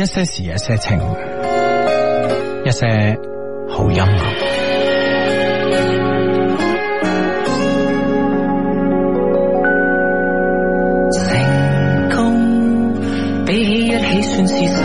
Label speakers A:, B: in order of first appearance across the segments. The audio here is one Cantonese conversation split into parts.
A: 一些事，一些情，一些好音樂。
B: 成功比起一起，算是。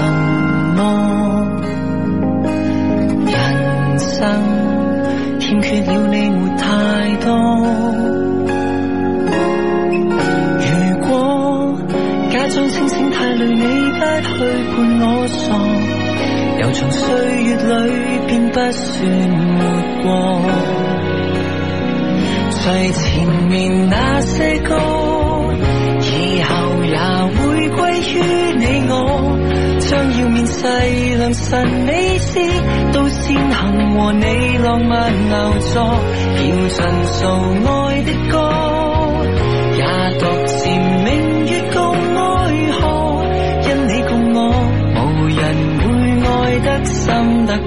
B: 從歲月裏便不算沒過，最前面那些歌，以後也會歸於你我，將要面世良辰美事，都先行和你浪漫留作虔誠悼愛的歌。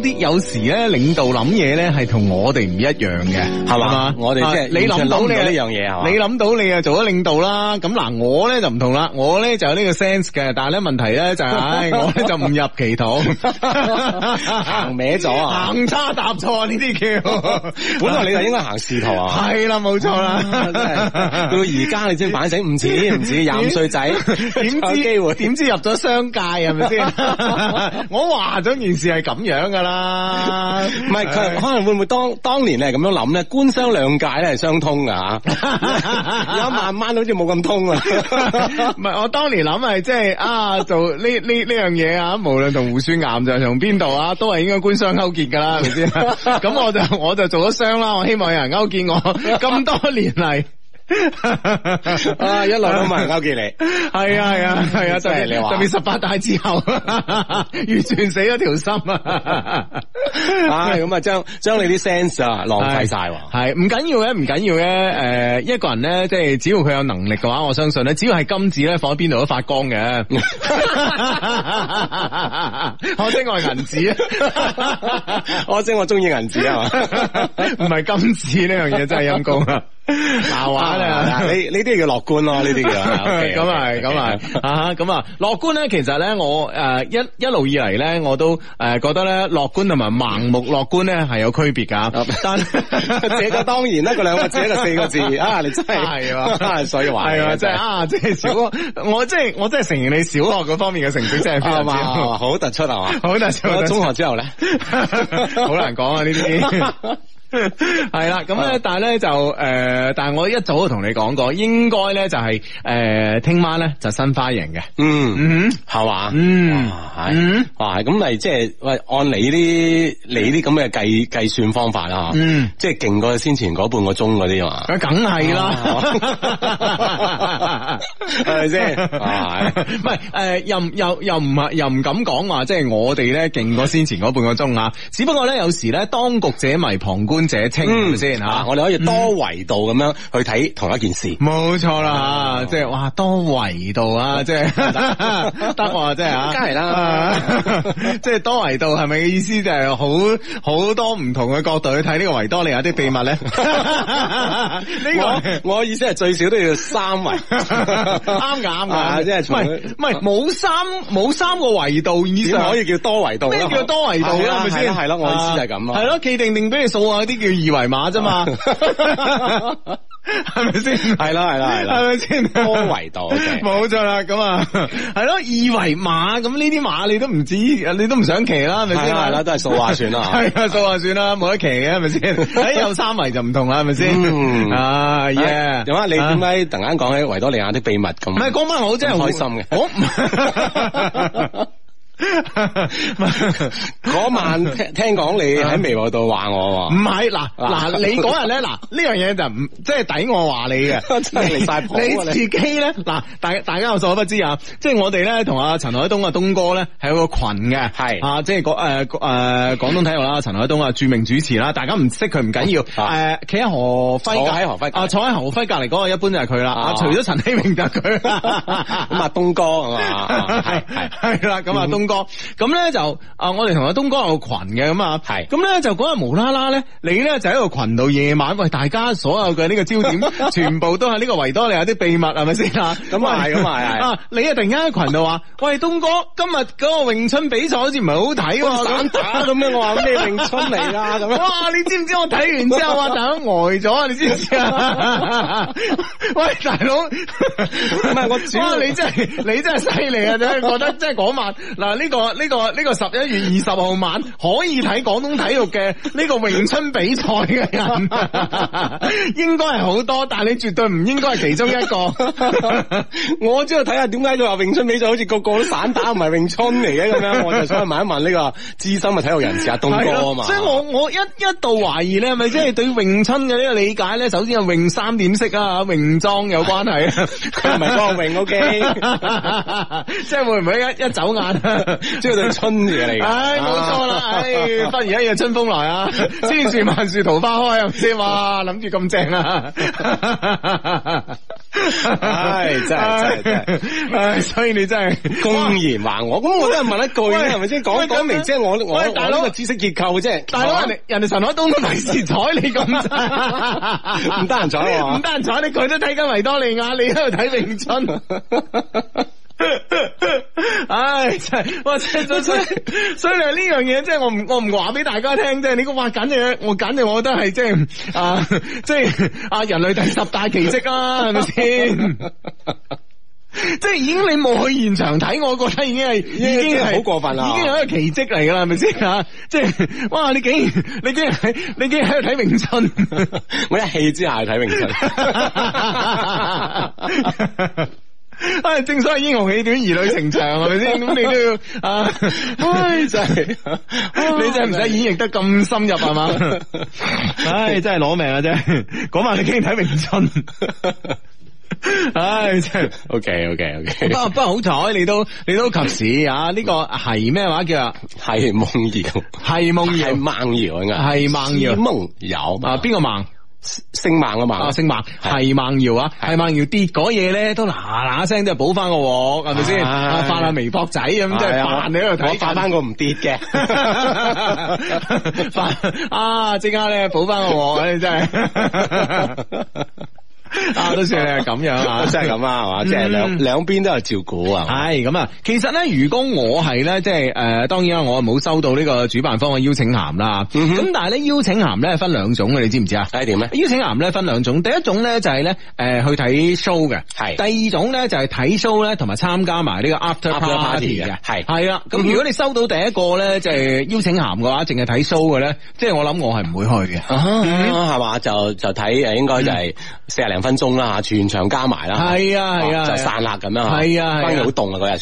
A: 啲有時咧，領導諗嘢咧係同我哋唔一樣嘅，係嘛？我哋即係你諗到呢樣嘢，係嘛？你諗到你又做咗領導啦。咁嗱，我咧就唔同啦，我咧就有呢個 sense 嘅。但係咧問題咧就係，我咧就唔入歧途，行歪咗，行差踏錯呢啲叫。本來你就應該行仕途啊，係啦，冇錯啦。到而家你先反省，唔似唔似廿五歲仔，點知機會？點知入咗商界係咪先？我話咗件事係咁樣噶啦。啊， 唔係佢可能會唔會當當年係咁樣諗咧？官商兩界咧係相通噶吓，而家慢慢好似冇咁通啦。唔 係 我當年諗係即係啊，做呢呢呢樣嘢啊，無論同胡書岩就同邊度啊，都係應該官商勾結噶啦。唔知咁 我就我就做咗商啦，我希望有人勾結我咁多年嚟。 一你 啊！一路都冇人勾結你？係啊係啊係啊，真係、啊、便便你話特別十八大之後， 完全死咗條心 啊！咁啊，將將你啲 sense 啊浪費晒喎，係唔緊要嘅，唔緊要嘅。誒、呃，一個人咧，即係只要佢有能力嘅話，我相信咧，只要係金子咧，放喺邊度都發光嘅。 我即係我係銀紙， 我即係我中意銀紙啊！唔 係 金子呢樣嘢真係陰功啊！ 鬧啊！你呢啲叫樂觀咯，呢啲叫咁係，咁係，啊咁啊，樂觀咧，其實咧，我誒一一路以嚟咧，我都誒覺得咧，樂觀同埋盲目樂觀咧係有區別噶。但這個當然啦，個兩個字個四個字啊，你真係係啊，所以話係啊，真係啊，即係小學，我即係我真係承認你小學嗰方面嘅成績真係好突出啊，好突出。中學之後咧，好難講啊呢啲。係啦，咁咧， 但係咧就誒，但係我一早同你講過，應該咧就係、是、誒，聽、呃、晚咧就新花型嘅，
C: 嗯，
A: 係嘛、mm，hmm. 吧嗯，係，哇，咁咪即係喂，按你啲你啲咁嘅計計算方法啦，吓，嗯，即係勁過先前嗰半個鐘嗰啲嘛，梗係啦，係咪
C: 先？係，係誒，
A: 又又又唔係，又唔敢講話，即、就、係、是、我哋咧勁過先前嗰半個鐘啊， 只不過咧有時咧當局者迷旁觀。觀者清，係咪先吓？我哋可以多維度咁樣去睇同一件事。冇錯啦，即係哇，多維度啊，即係得喎，即係吓，梗係啦，即係多維度，係咪意思就係好好多唔同嘅角度去睇呢個維多利亞啲秘密咧？呢個我意思係最少都要三維，啱啱啊，即係從唔係冇三冇三個維度，點可以叫多維度？咩叫多維度咧？係咪先係咯？我意思就係咁咯，係咯，企定定俾你數啊！啲叫二維碼啫嘛，係咪先？係啦係啦係啦，係咪先？多維度冇錯啦，咁啊，係咯二維碼，咁呢啲碼你都唔知，你都唔想騎啦，係咪先？係啦，都係掃下算啦，係啊，掃下算啦，冇得騎嘅，係咪先？有三維就唔同啦，係咪先？啊耶！點啊？你點解突然間講起維多利亞的秘密咁？唔係講翻好，真係開心嘅。我唔。嗰晚聽聽講你喺微博度話我。唔係嗱嗱你嗰日咧，嗱呢樣嘢，就唔即係抵我話你嘅，你自己咧嗱大大家有所不知啊，即係我哋咧同阿陳海東啊、東哥咧係有個群嘅，係啊即係廣誒誒廣東體育啦，陳海東啊著名主持啦，大家唔識佢唔緊要，誒企喺何輝，喺何輝，啊坐喺何輝隔籬嗰個一般就係佢啦，啊除咗陳希明就佢，咁啊，東哥係嘛？係係啦，咁啊東哥，咁咧就啊，我哋同阿東哥有個群嘅咁啊，係，咁咧就嗰日無啦啦咧，你咧就喺個群度夜晚喂，大家所有嘅呢個焦點，全部都係呢個維多利亞啲秘密係咪先啊？咁係，咁係啊！你啊突然間喺群度話，喂，東哥，今日嗰個詠春比賽好似唔係好睇，咁打咁樣，我話咩詠春嚟啊？咁樣，哇！你知唔知我睇完之後，話大佬呆咗，你知唔知啊？喂，大佬，唔係我哇！你真係你真係犀利啊！真係覺得即係講話嗱。呢、啊這個呢、這個呢、這個十一月二十號晚可以睇廣東體育嘅呢個詠春比賽嘅人，啊，應該係好多，但係你絕對唔應該係其中一個。 我即係睇下點解佢話詠春比賽好似個個都散打唔係詠春嚟嘅咁樣，我就想去問一問呢個資深嘅體育人士阿、啊、冬哥嘛啊嘛。所以我，我我一一度懷疑咧，係咪即係對詠春嘅呢個理解咧？首先，泳三點式啊？泳裝有關係啊？佢唔係講泳，O K，即係會唔會一一走眼？即係對春嘢嚟，唉冇錯啦，唉忽如一夜春風來啊，千樹萬樹桃花開，唔先嘛，諗住咁正啊，唉真係真係真係，唉所以你真係公然話我，咁我都係問一句咧，係咪先講講明即係我我我呢個知識結構啫，大佬人哋人哋陳海東都睇見睬你咁唔得人睬你。唔得人睬你佢都睇緊維多利亞，你喺度睇詠春。 唉，真係，哇！所所以你呢樣嘢，即係 我唔我唔話俾大家聽啫。你個話簡直，我簡直我覺得係即係啊，即係啊，人類第十大奇蹟啊，係咪先？ 即係已經你冇去現場睇，我覺得已經係已經係好過分啦，已經係一個奇蹟嚟噶啦，係咪先吓？即係哇！你竟然你竟然喺你竟然喺度睇詠春， 我一氣之下睇詠春。 啊，正所謂英雄氣短，兒女情長係咪先？咁你都要啊，唉就係，你真係唔使演繹得咁深入係嘛？唉、哎，真係攞命啊真，嗰晚你竟然睇明春，唉、哎、真係。O K O K O K，不不過好彩你都你都及時啊！呢、這個係咩話？叫啊係夢瑤，係夢瑤，係夢瑤啊，係夢瑤，夢瑤啊，邊個夢？姓孟啊嘛，啊，姓孟係孟瑤啊，係孟瑤跌嗰嘢咧都嗱嗱聲都係補翻個鑊，係咪先？發下微博仔咁即係扮你喺度睇，我發翻個唔跌嘅，發啊即刻咧補翻個鑊，你真係。 啊，多謝你係咁樣啊，即係咁啊，係嘛，即係兩兩邊都有照顧啊。係咁啊，其實咧，如果我係咧，即係誒，當然啦，我冇收到呢個主辦方嘅邀請函啦。咁但係咧，邀請函咧分兩種嘅，你知唔知啊？係點咧？邀請函咧分兩種，第一種咧就係咧誒去睇 show 嘅，係。第二種咧就係睇 show 咧，同埋參加埋呢個 after party 嘅，係。係啊。咁如果你收到第一個咧，即係邀請函嘅話，淨係睇 show 嘅咧，即係我諗我係唔會去嘅，係嘛，就就睇誒，應該就係四廿零分。中啦，全場加埋啦，係啊係啊，就散啦咁樣嚇，係啊，天氣好凍啊嗰日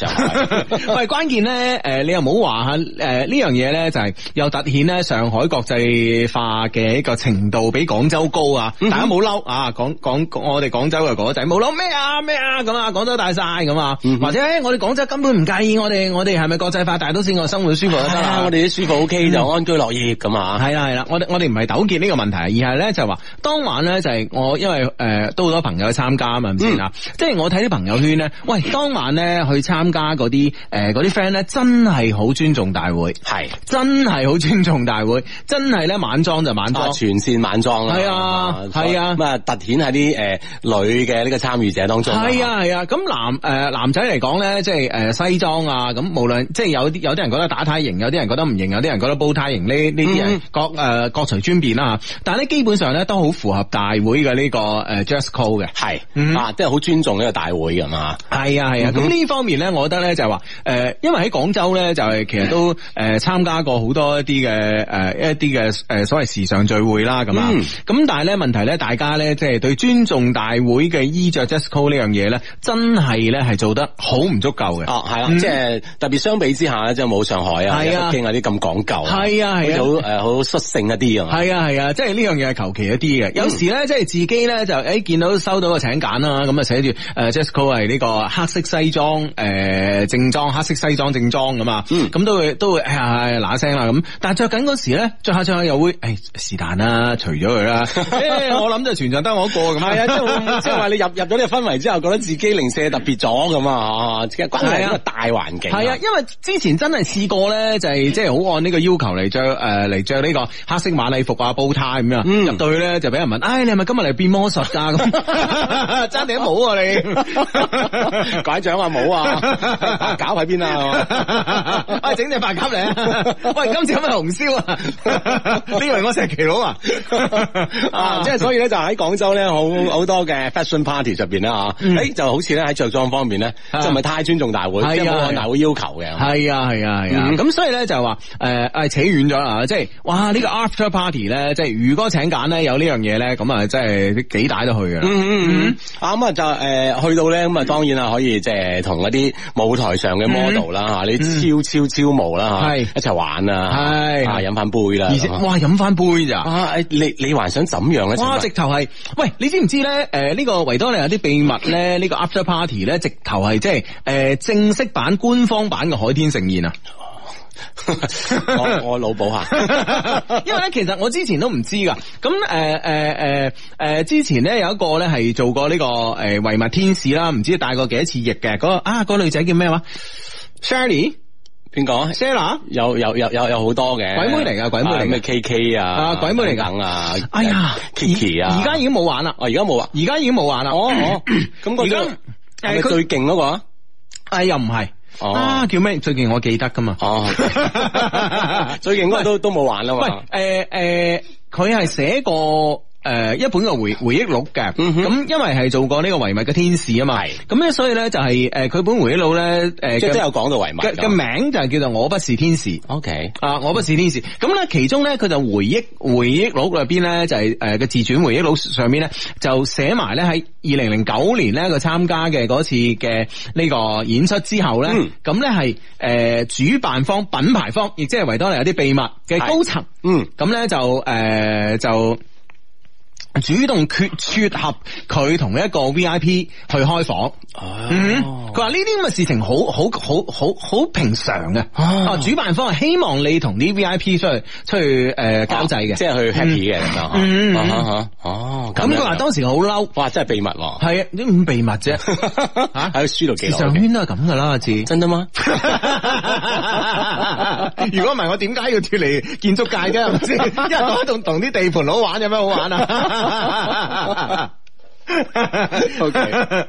A: 上，喂關鍵咧誒，你又冇好話嚇呢樣嘢咧，就係又突顯咧上海國際化嘅一個程度比廣州高啊！大家冇嬲啊，廣廣我哋廣州嘅講就冇嬲咩啊咩啊咁啊，廣州大晒咁啊，或者我哋廣州根本唔介意我哋我哋係咪國際化大都市，我生活舒服得啦，我哋啲舒服 OK 就安居樂業咁啊，係啦係啦，我哋我哋唔係糾結呢個問題，而係咧就話當晚咧就係我因為誒好多朋友去參加啊嘛，唔知嗱，嗯、即係我睇啲朋友圈咧，喂，當晚咧去參加嗰啲誒嗰啲 friend 咧，呃、真係好尊重大會，係是真係好尊重大會，真係咧晚裝就晚裝，啊，全線晚裝啦，係啊係啊，咁啊，是啊突顯喺啲誒女嘅呢個參與者當中，係啊係啊，咁、啊啊呃、男誒、呃、男仔嚟講咧，即係誒、呃、西裝啊，咁無論即係有啲有啲人覺得打呔型，有啲人覺得唔型，有啲人覺得煲呔型，呢呢啲人各誒、嗯、各、各、各隨尊便啦，但係咧基本上咧都好符合大會嘅呢、呢個誒、嗯 call 嘅係啊，即係好尊重呢個大會噶嘛，係啊係啊。咁呢方面咧，我覺得咧就係話，誒，因為喺廣州咧就係其實都誒參加過好多一啲嘅誒一啲嘅誒所謂時尚聚會啦咁啊。咁但係咧問題咧，大家咧即係對尊重大會嘅衣着 just call 呢樣嘢咧，真係咧係做得好唔足夠嘅。哦，係啦，即係特別相比之下咧，即係冇上海啊、北京啊啲咁講究，係啊係啊，好誒好率性一啲啊，係啊係啊，即係呢樣嘢係求其一啲嘅。有時咧即係自己咧就誒見到。都收到個請柬啦，咁啊寫住誒，Jessica 係呢個黑色西裝誒正裝，黑色西裝、呃、正裝咁嘛，咁、嗯、都會都會嗱聲啦咁，但係着緊嗰時咧，着下着又會誒是但啦，除咗佢啦，我諗就全場得我一個咁啊，即係即係話你入入咗呢個氛圍之後，覺得自己零舍特別咗咁啊，關係一個大環境，係啊、嗯，因為之前真係試過咧，就係即係好按呢個要求嚟着誒嚟着呢個黑色晚禮服啊，煲呔咁樣入到去咧，就俾人問，唉，你係咪今日嚟變魔術噶咁？爭地都冇你， 拐杖話冇啊，搞喺邊啊，喂、哎，整隻白鴿嚟啊，喂，今次有咩紅燒啊？ 你以為我石岐佬啊？ 啊，即係所以咧，就喺廣州咧，好好多嘅 fashion party 入邊咧啊，誒、嗯，就好似咧喺着裝方面咧，就唔係太尊重大會，係冇、啊、按大會要求嘅，係啊，係啊，係啊，咁所以咧就係話誒誒扯遠咗啊，即係哇呢、這個 after party 咧，即係如果請柬咧有呢樣嘢咧，咁啊即係幾大都去嘅。嗯嗯嗯，啱啊就誒去到咧咁啊，當然啊可以即係同一啲舞台上嘅 model 啦吓，啲、嗯、超超超模啦吓，嗯、一齊玩是啊，係啊飲翻杯啦，哇飲翻杯咋、啊？你你還想怎樣咧？哇直頭係，喂你知唔知咧？誒、呃、呢、這個維多利亞啲秘密咧，呢 個 after party 咧，直頭係即係誒正式版官方版嘅海天盛宴啊！ 我我腦補下， 因為咧其實我之前都唔知噶，咁誒誒誒誒，之前咧有一個咧係做過呢個誒維密天使啦，唔知帶過幾多次翼嘅，嗰、那個啊嗰、那個女仔叫咩話 Shirley 邊個？Sarah，有有有有有好多嘅，鬼妹嚟噶，鬼妹嚟，咩 K K 啊？啊，啊，鬼妹嚟噶，等等啊，哎呀，Kiki 啊，而家已經冇玩啦，我而家冇玩，而家已經冇玩啦、哦，哦，我在，咁個係咪最勁嗰、那個？哎，又唔係。哦、啊！叫咩？最近我記得噶嘛？哦， 最近應該都喂 都冇玩啦喂，誒、呃、誒，佢係寫過。誒，一本嘅回回憶錄嘅，咁因為係做過呢個維密嘅天使啊嘛，咁咧所以咧就係誒佢本回憶錄咧，誒即係都有講到維密嘅名就係叫做我不是天使，OK 啊，我不是天使，咁咧其中咧佢就回憶回憶錄入邊咧就係誒嘅自傳回憶錄上面咧就寫埋咧喺二零零九年咧佢參加嘅嗰次嘅呢個演出之後咧，咁咧係誒主辦方品牌方，亦即係維多利亞啲秘密嘅高層，嗯，咁咧就誒就。主動決撮合佢同一個 V I P 去開房，佢話呢啲咁嘅事情好好好好好平常嘅。哦，主辦方係希望你同啲 V I P 出去出去誒交際嘅，即係去 happy 嘅咁樣，哦，咁佢話當時好嬲，哇，真係秘密，係啊，呢啲五秘密啫，喺個書度記。時尚圈都係咁噶啦，似真㗎咩？如果唔係我點解要脫離建築界啫？唔知，因為同同啲地盤佬玩有咩好玩啊？哈哈哈哈哈哈 OK 哈哈哈哈 OK 哈哈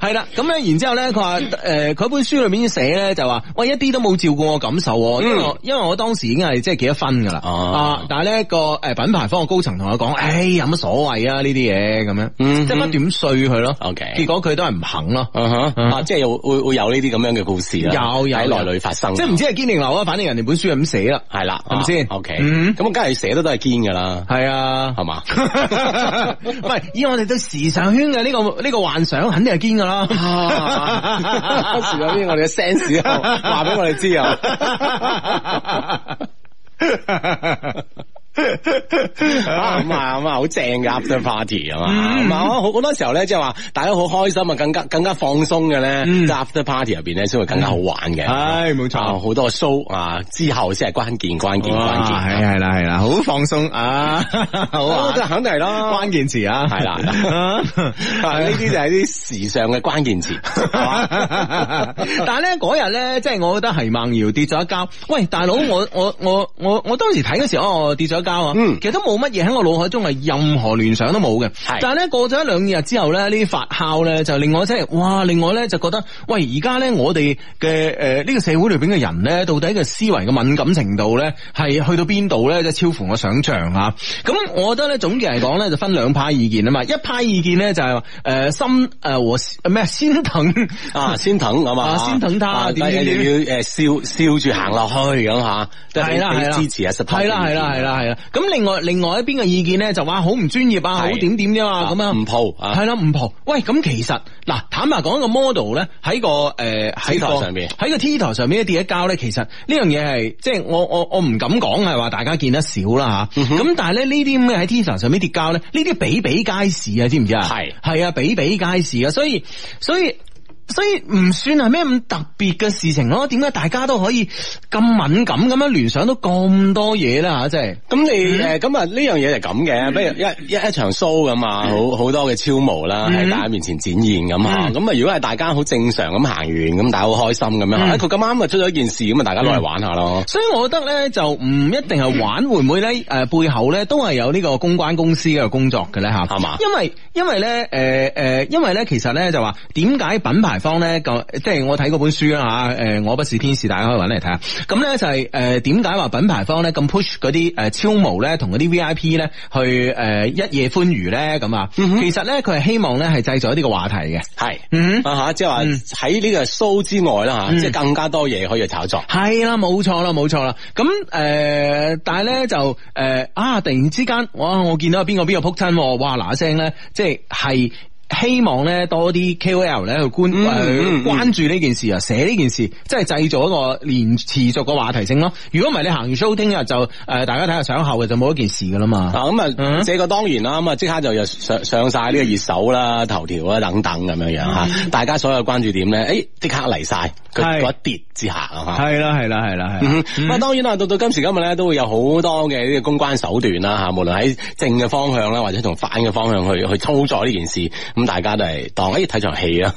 A: 係啦，咁咧，然之後咧，佢話誒，佢本書裏面寫咧，就話，喂，一啲都冇照顧我感受，因為因為我當時已經係即係幾多分噶啦，但係呢一個誒品牌方嘅高層同我講，誒，有乜所謂啊？呢啲嘢咁樣，即係乜點碎佢咯？O K，結果佢都係唔肯咯，即係會會有呢啲咁樣嘅故事啦，有有喺內裏發生，即係唔知係堅定流啦，反正人哋本書係咁寫啦，係啦，係咪先？O K，咁梗係寫得都係堅噶啦，係啊，係嘛？唔係以我哋對時尚圈嘅呢個呢個幻想。肯定係堅噶啦，不時有啲我哋嘅 sense，又話俾我哋知啊。咁啊，咁啊，好正嘅 after party 啊嘛，好好多時候咧，即係話大家好開心啊，更加更加放鬆嘅咧，after party 入邊咧，先會更加好玩嘅。唉，冇錯，好多 show 啊，之後先係關鍵關鍵關鍵，係係啦係啦，好放鬆啊，好，即係肯定咯，關鍵詞啊，係啦，呢啲就係啲時尚嘅關鍵詞。但係咧嗰日，咧，即係我覺得係孟瑤跌咗一跤。喂，大佬，我我我我我當時睇嘅時候，我跌咗。嗯，其實都冇乜嘢喺我腦海中係任何聯想都冇嘅，但係咧過咗一兩日之後咧，呢啲發酵咧就令我即係哇，另外咧就覺得，喂，而家咧我哋嘅誒呢個社會裏邊嘅人咧，到底嘅思維嘅敏感程度咧，係去到邊度咧，即係超乎我想象啊！咁我覺得咧，總結嚟講咧，就分兩派意見啊嘛。一派意見咧就係誒心誒和咩先等啊，先等啊嘛，先等他點點要誒笑笑住行落去咁吓，係啦係啦，支持啊 support 係啦係啦係啦。咁另外另外一邊嘅意見咧，就話是好唔專業啊，好點點啫嘛，咁啊抱，唔蒲，係啦，唔蒲。喂，咁其實嗱，坦白講，一個 model 咧喺個誒喺、呃、個喺個 T 台上邊跌一跤咧，其實呢樣嘢係即係我我我唔敢講係話大家見得少啦吓。咁、嗯、哼但係咧呢啲咁嘅喺 T 台上面跌跤咧，呢啲比比皆是啊，知唔知啊？係係是啊，比比皆是啊，所以所以。所以所以所以唔算係咩咁特別嘅事情咯，點解大家都可以咁敏感咁樣聯想到咁多嘢咧？吓，即係咁你誒，咁啊呢樣嘢係咁嘅，不如一一一場 show 咁啊，好好多嘅超模啦喺大家面前展現咁啊，咁啊如果係大家好正常咁行完咁，大家好開心咁樣，佢咁啱啊出咗一件事咁啊，大家攞嚟玩下咯。所以我覺得咧就唔一定係玩，會唔會咧誒背後咧都係有呢個公關公司嘅工作嘅咧吓，係嘛？因為因為咧誒誒，因為咧其實咧就話點解品牌？方咧，即係我睇嗰本書啦吓，誒，我不是天使，大家可以搵嚟睇下。咁、嗯、咧就係誒，點解話品牌方咧咁 push 嗰啲誒超模咧，同嗰啲 V I P 咧，去誒一夜歡愉咧，咁啊、嗯哼？其實咧，佢係希望咧係製造一啲個話題嘅，係是，吓、嗯哼，即係話喺呢個騷之外啦吓，嗯、即係更加多嘢可以炒作。係啦、嗯，冇錯啦，冇錯啦。咁誒、呃，但係咧就誒、呃、啊，突然之間，哇，我見到邊個邊個扑親，哇嗱聲咧，即係。希望咧多啲 KOL 咧去觀關注呢件事啊，寫呢件事，即係製造一個連持續嘅話題性咯。如果唔係你行完 show 聽日就誒，大家睇下想後嘅就冇一件事噶啦嘛。咁啊，這個當然啦，咁啊即刻就又上上晒呢個熱搜啦、頭條啦等等咁樣樣吓，大家所有關注點咧，誒即刻嚟晒佢一跌之下啊吓，係啦係啦係啦係。咁當然啦，到到今時今日咧都會有好多嘅呢個公關手段啦吓，無論喺正嘅方向啦，或者從反嘅方向去去操作呢件事。咁大家都係當誒睇場戲咯，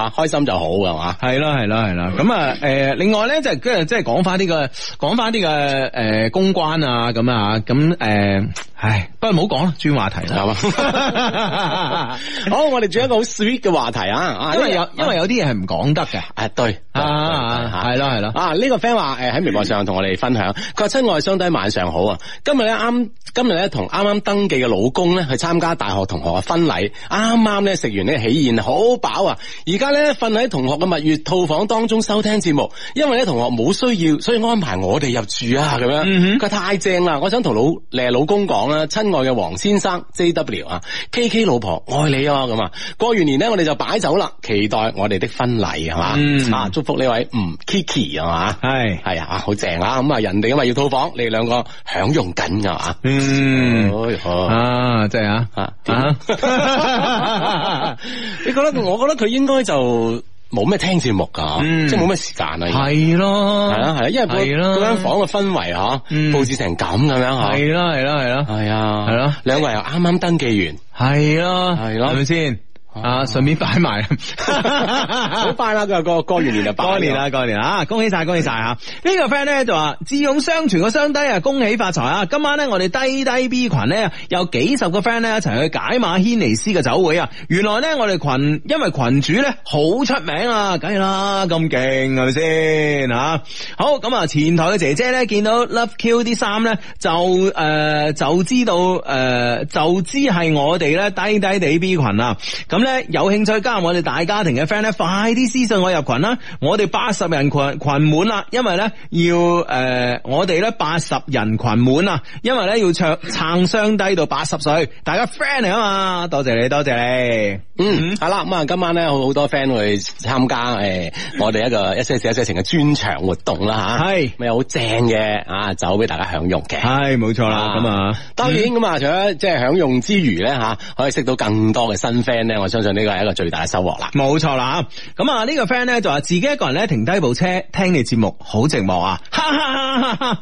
A: 啊開心就好嘅嘛，係啦係啦係啦。咁啊誒，另外咧就即係即係講翻啲個講翻啲個誒公關啊咁啊咁誒，唉，不如唔好講啦，轉話題啦，係嘛。好，我哋轉一個好 sweet 嘅話題啊，因為有因為有啲嘢係唔講得嘅。誒，對，係啦係啦。啊，呢個 friend 話誒喺微博上同我哋分享，佢話親愛相弟晚上好啊，今日咧啱今日咧同啱啱登記嘅老公咧去參加大學同學嘅婚禮啱。啱咧食完咧喜宴好飽啊！而家咧瞓喺同學嘅蜜月套房當中收聽節目，因為咧同學冇需要，所以安排我哋入住啊！咁樣佢、嗯、哼太正啦，我想同老你老公講啦，親愛嘅黃先生 JW 啊 KK 老婆愛你啊！咁啊，過完年咧我哋就擺酒啦，期待我哋的婚禮係嘛啊！祝福呢位嗯 Kiki 係嘛，係係是啊，好正啊！咁啊，人哋啊嘛，要套房，你哋兩個享用緊噶嘛？嗯，好、哎、呦啊，即係啊啊！啊啊 你覺得？我覺得佢應該就冇咩聽節目噶，即係冇咩時間啊。係咯，係啊，係啊，因為嗰嗰間房嘅氛圍嗬布置成咁咁樣嗬。係咯，係咯，係咯。係啊，係咯。兩位又啱啱登記完。係咯，係咯，係咪先？啊！順、uh，便擺埋，好快啦！過過過完年就擺， 過年啦，過年啦！啊，恭喜晒，恭喜晒吓！呢 個 friend 咧就話智勇相傳個雙低啊，恭喜發財啊！今晚咧我哋低低 B 群咧有幾十個 friend 咧一齊去解碼軒尼詩嘅酒會啊！原來咧我哋群因為群主咧好出名啊，梗係啦，咁勁係咪先吓？好咁啊！前台嘅姐姐咧見到 Love Q 啲衫咧，就誒、呃、就知道誒、呃、就知係我哋咧低低地 B 群啊！咁。 有興趣加入我哋大家庭嘅 friend 咧，快啲私信我入群啦！我哋八十人群群滿啦，因為咧要誒、呃、我哋咧八十人群滿啊，因為咧要唱撐雙低到八十歲，大家 friend 嚟啊嘛！多謝你，多謝你，嗯，係啦咁啊，今晚咧好好多 friend 會參加誒，我哋一個一些事一些情嘅專場活動啦吓，係咪是有好正嘅啊酒俾大家享用嘅？係冇錯啦，咁啊當然咁啊，除咗即係享用之餘咧吓，可以識到更多嘅新 friend 咧，我相信呢個係一個最大嘅收穫啦，冇錯啦，咁啊呢個 friend 咧就話自己一個人咧停低部車聽你節目，好寂寞啊！哈哈哈哈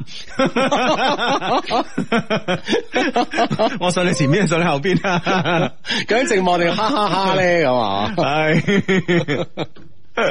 A: 哈， 我上你前面，上你後邊啊， 究竟寂寞定哈哈哈咧咁啊？ 啊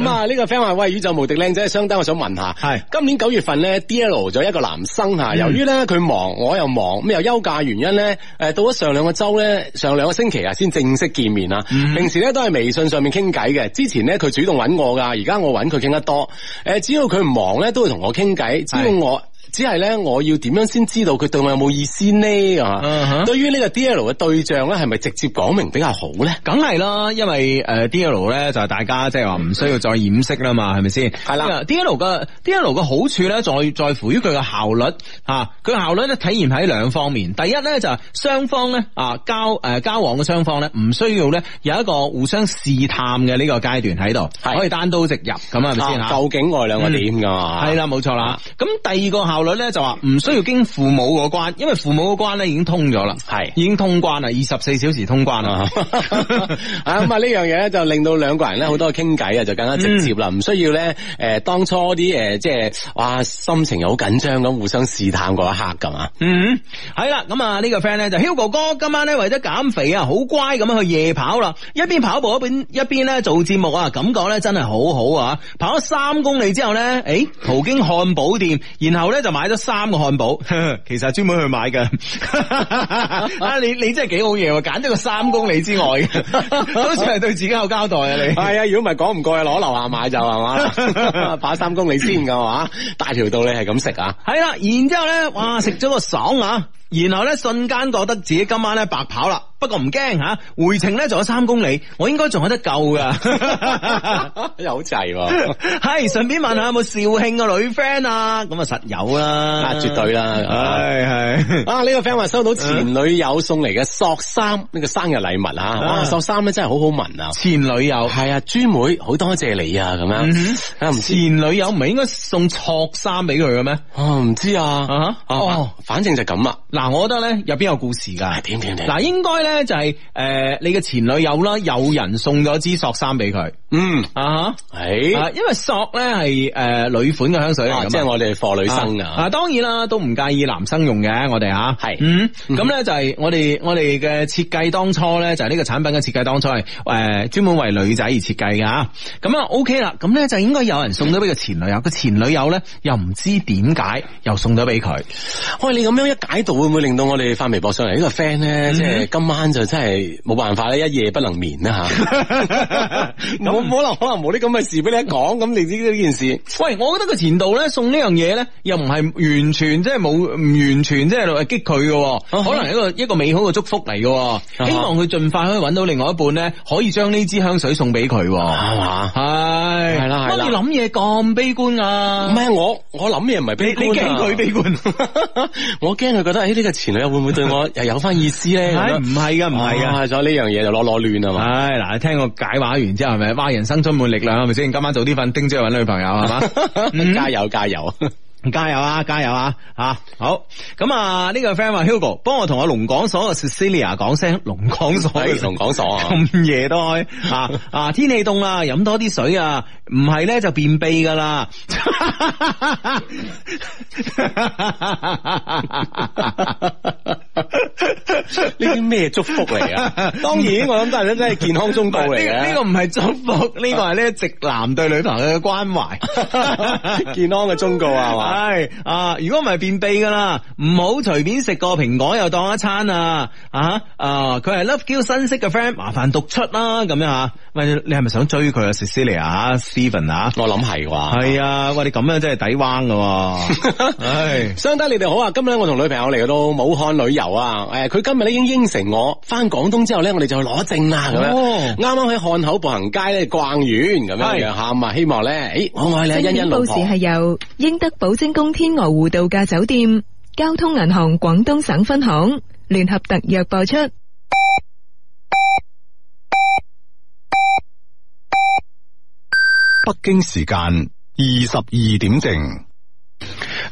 A: 咁啊！呢、這個 friend 話喂，宇宙無敵靚仔，相當，我想問下，係是今年九月份咧，D L 咗一個男生吓，嗯、由於咧佢忙，我又忙，咁又休假原因咧，誒，到咗上兩個周咧，上兩個星期啊，先正式見面啊，嗯、平時咧都係微信上面傾偈嘅，之前咧佢主動揾我噶，而家我揾佢傾得多，誒，只要佢唔忙咧，都會同我傾偈，只要我。只係咧，我要點樣先知道佢對我有冇意思呢？嚇，對於呢個 D L 嘅對象咧，係咪直接講明比較好咧？梗係啦，因為誒 D L 咧就係大家即係話唔需要再掩飾啦嘛，係咪先？係啦。D L 嘅 D L 嘅好處咧，在在乎於佢嘅效率嚇，佢效率咧體現喺兩方面。第一咧，就係雙方咧啊交誒交往嘅雙方咧，唔需要咧有一個互相試探嘅呢個階段喺度，可以單刀直入咁係咪先嚇？究竟我哋兩個點㗎嘛？係啦，冇錯啦。咁第二個效。女咧就話唔需要經父母個關，因為父母個關咧已經通咗啦，係是已經通關啦，二十四小時通關啦。咁啊呢樣嘢咧就令到兩個人咧好多傾偈啊，就更加直接啦，唔、嗯、需要咧誒、呃、當初啲誒即係哇心情好緊張咁互相試探嗰一刻噶嘛。嗯，嗯，係啦，咁啊呢個 friend 咧就 Hugo 哥 今晚咧為咗減肥啊好乖咁去夜跑啦，一邊跑步一邊一邊咧做節目啊，感覺咧真係好好啊！跑咗三公里之後咧，誒途經漢堡店，然後咧就。買咗三個漢堡， 其實專門去買㗎。 你你真係幾好嘢，揀咗個三公里之外嘅，好似係對自己有交代啊！你係啊，如果唔係講唔過，攞樓下買就係嘛，跑 三公里先㗎嘛，大條道理係咁食啊？係啦， 然之後咧，哇，食咗個爽啊，然後咧瞬間覺得自己今晚咧白跑啦。不過唔驚吓，回程咧仲有三公里，我應該仲有得救噶，有齊喎。係順便問下有冇肇慶嘅女 friend 啊？咁啊實有啦，絕對啦。係係啊！呢個 friend 話收到前女友送嚟嘅索衫，呢個生日禮物啊，索衫咧真係好好聞啊！前女友係啊，豬妹，好多謝你啊！咁樣唔前女友唔係應該送索衫俾佢嘅咩？哦，唔知啊，哦，反正就咁啊。嗱，我覺得咧有邊有故事噶？點點點？嗱，應該咧。咧就係誒你嘅前女友啦，有人送咗支索衫俾佢，嗯啊吓，誒，因為索咧係誒女款嘅香水，即係我哋貨女生噶。啊當然啦，都唔介意男生用嘅，我哋吓，係，嗯，咁咧就係我哋我哋嘅設計當初咧就係呢個產品嘅設計當初係誒專門為女仔而設計噶，吓，咁啊 OK 啦，咁咧就應該有人送咗俾個前女友，個前女友咧又唔知點解又送咗俾佢，喂，你咁樣一解讀會唔會令到我哋發微博上嚟，呢個 friend 咧，即係今晚。就真係冇辦法咧，一夜不能眠啦吓。咁可能可能冇啲咁嘅事俾你講，咁你知呢件事。喂，我覺得個前度咧送呢樣嘢咧，又唔係完全即係冇，唔完全即係激佢嘅，可能係一個一個美好嘅祝福嚟嘅，希望佢盡快可以揾到另外一半咧，可以將呢支香水送俾佢，係嘛？係係啦係啦。你諗
B: 嘢咁悲觀啊？唔係我
A: 我諗嘢唔係悲觀，你驚佢悲觀？我驚佢覺得呢個前女友會唔會對我又有翻意思咧？唔係。係噶，唔係噶，哦、所以呢樣嘢就攞攞亂啊嘛。唉的，嗱的，你聽我解畫完之後，係咪？哇，人生充滿力量，係咪先？今晚早啲瞓，丁姐去搵女朋友，係嘛？加油，加油！加油啊！加油啊！啊好咁啊！呢、這個 friend 話 Hugo，幫我同阿龍港所嘅 Cecilia 講聲，龍港所嘅龍港所咁夜袋啊啊！天氣凍啦，飲多啲水啊，唔係咧就便秘噶啦。呢啲咩祝福嚟啊？當然我諗大係真係健康忠告嚟嘅。呢、這個唔係、這個、祝福，呢、這個係咧直男對女朋友嘅關懷， 健康嘅忠告係嘛？係、哎、啊，如果唔係便秘噶啦，唔好隨便食個蘋果又當一餐啊！啊啊，佢係 Love Q 新識嘅 friend，麻煩讀出啦咁樣吓。喂，你係咪想追佢啊，Celia 啊，Steven 啊？我諗係啩。係啊，喂，你咁、啊啊哎哎、樣真係抵彎噶。唉，相得你哋好啊！ 好今日咧，我同女朋友嚟到武漢旅遊啊。誒，佢今日咧已經應承我，翻廣東之後咧，我哋就去攞證啦。咁樣，啱啱喺漢口步行街咧逛完，咁樣、哎呀，吓啊、哎，希望咧，誒、哎，我愛你欣欣報時係由英德保。星宮天鵝湖度假酒店，交通銀行廣東省分行聯合特約播出。北京時間二十二點正。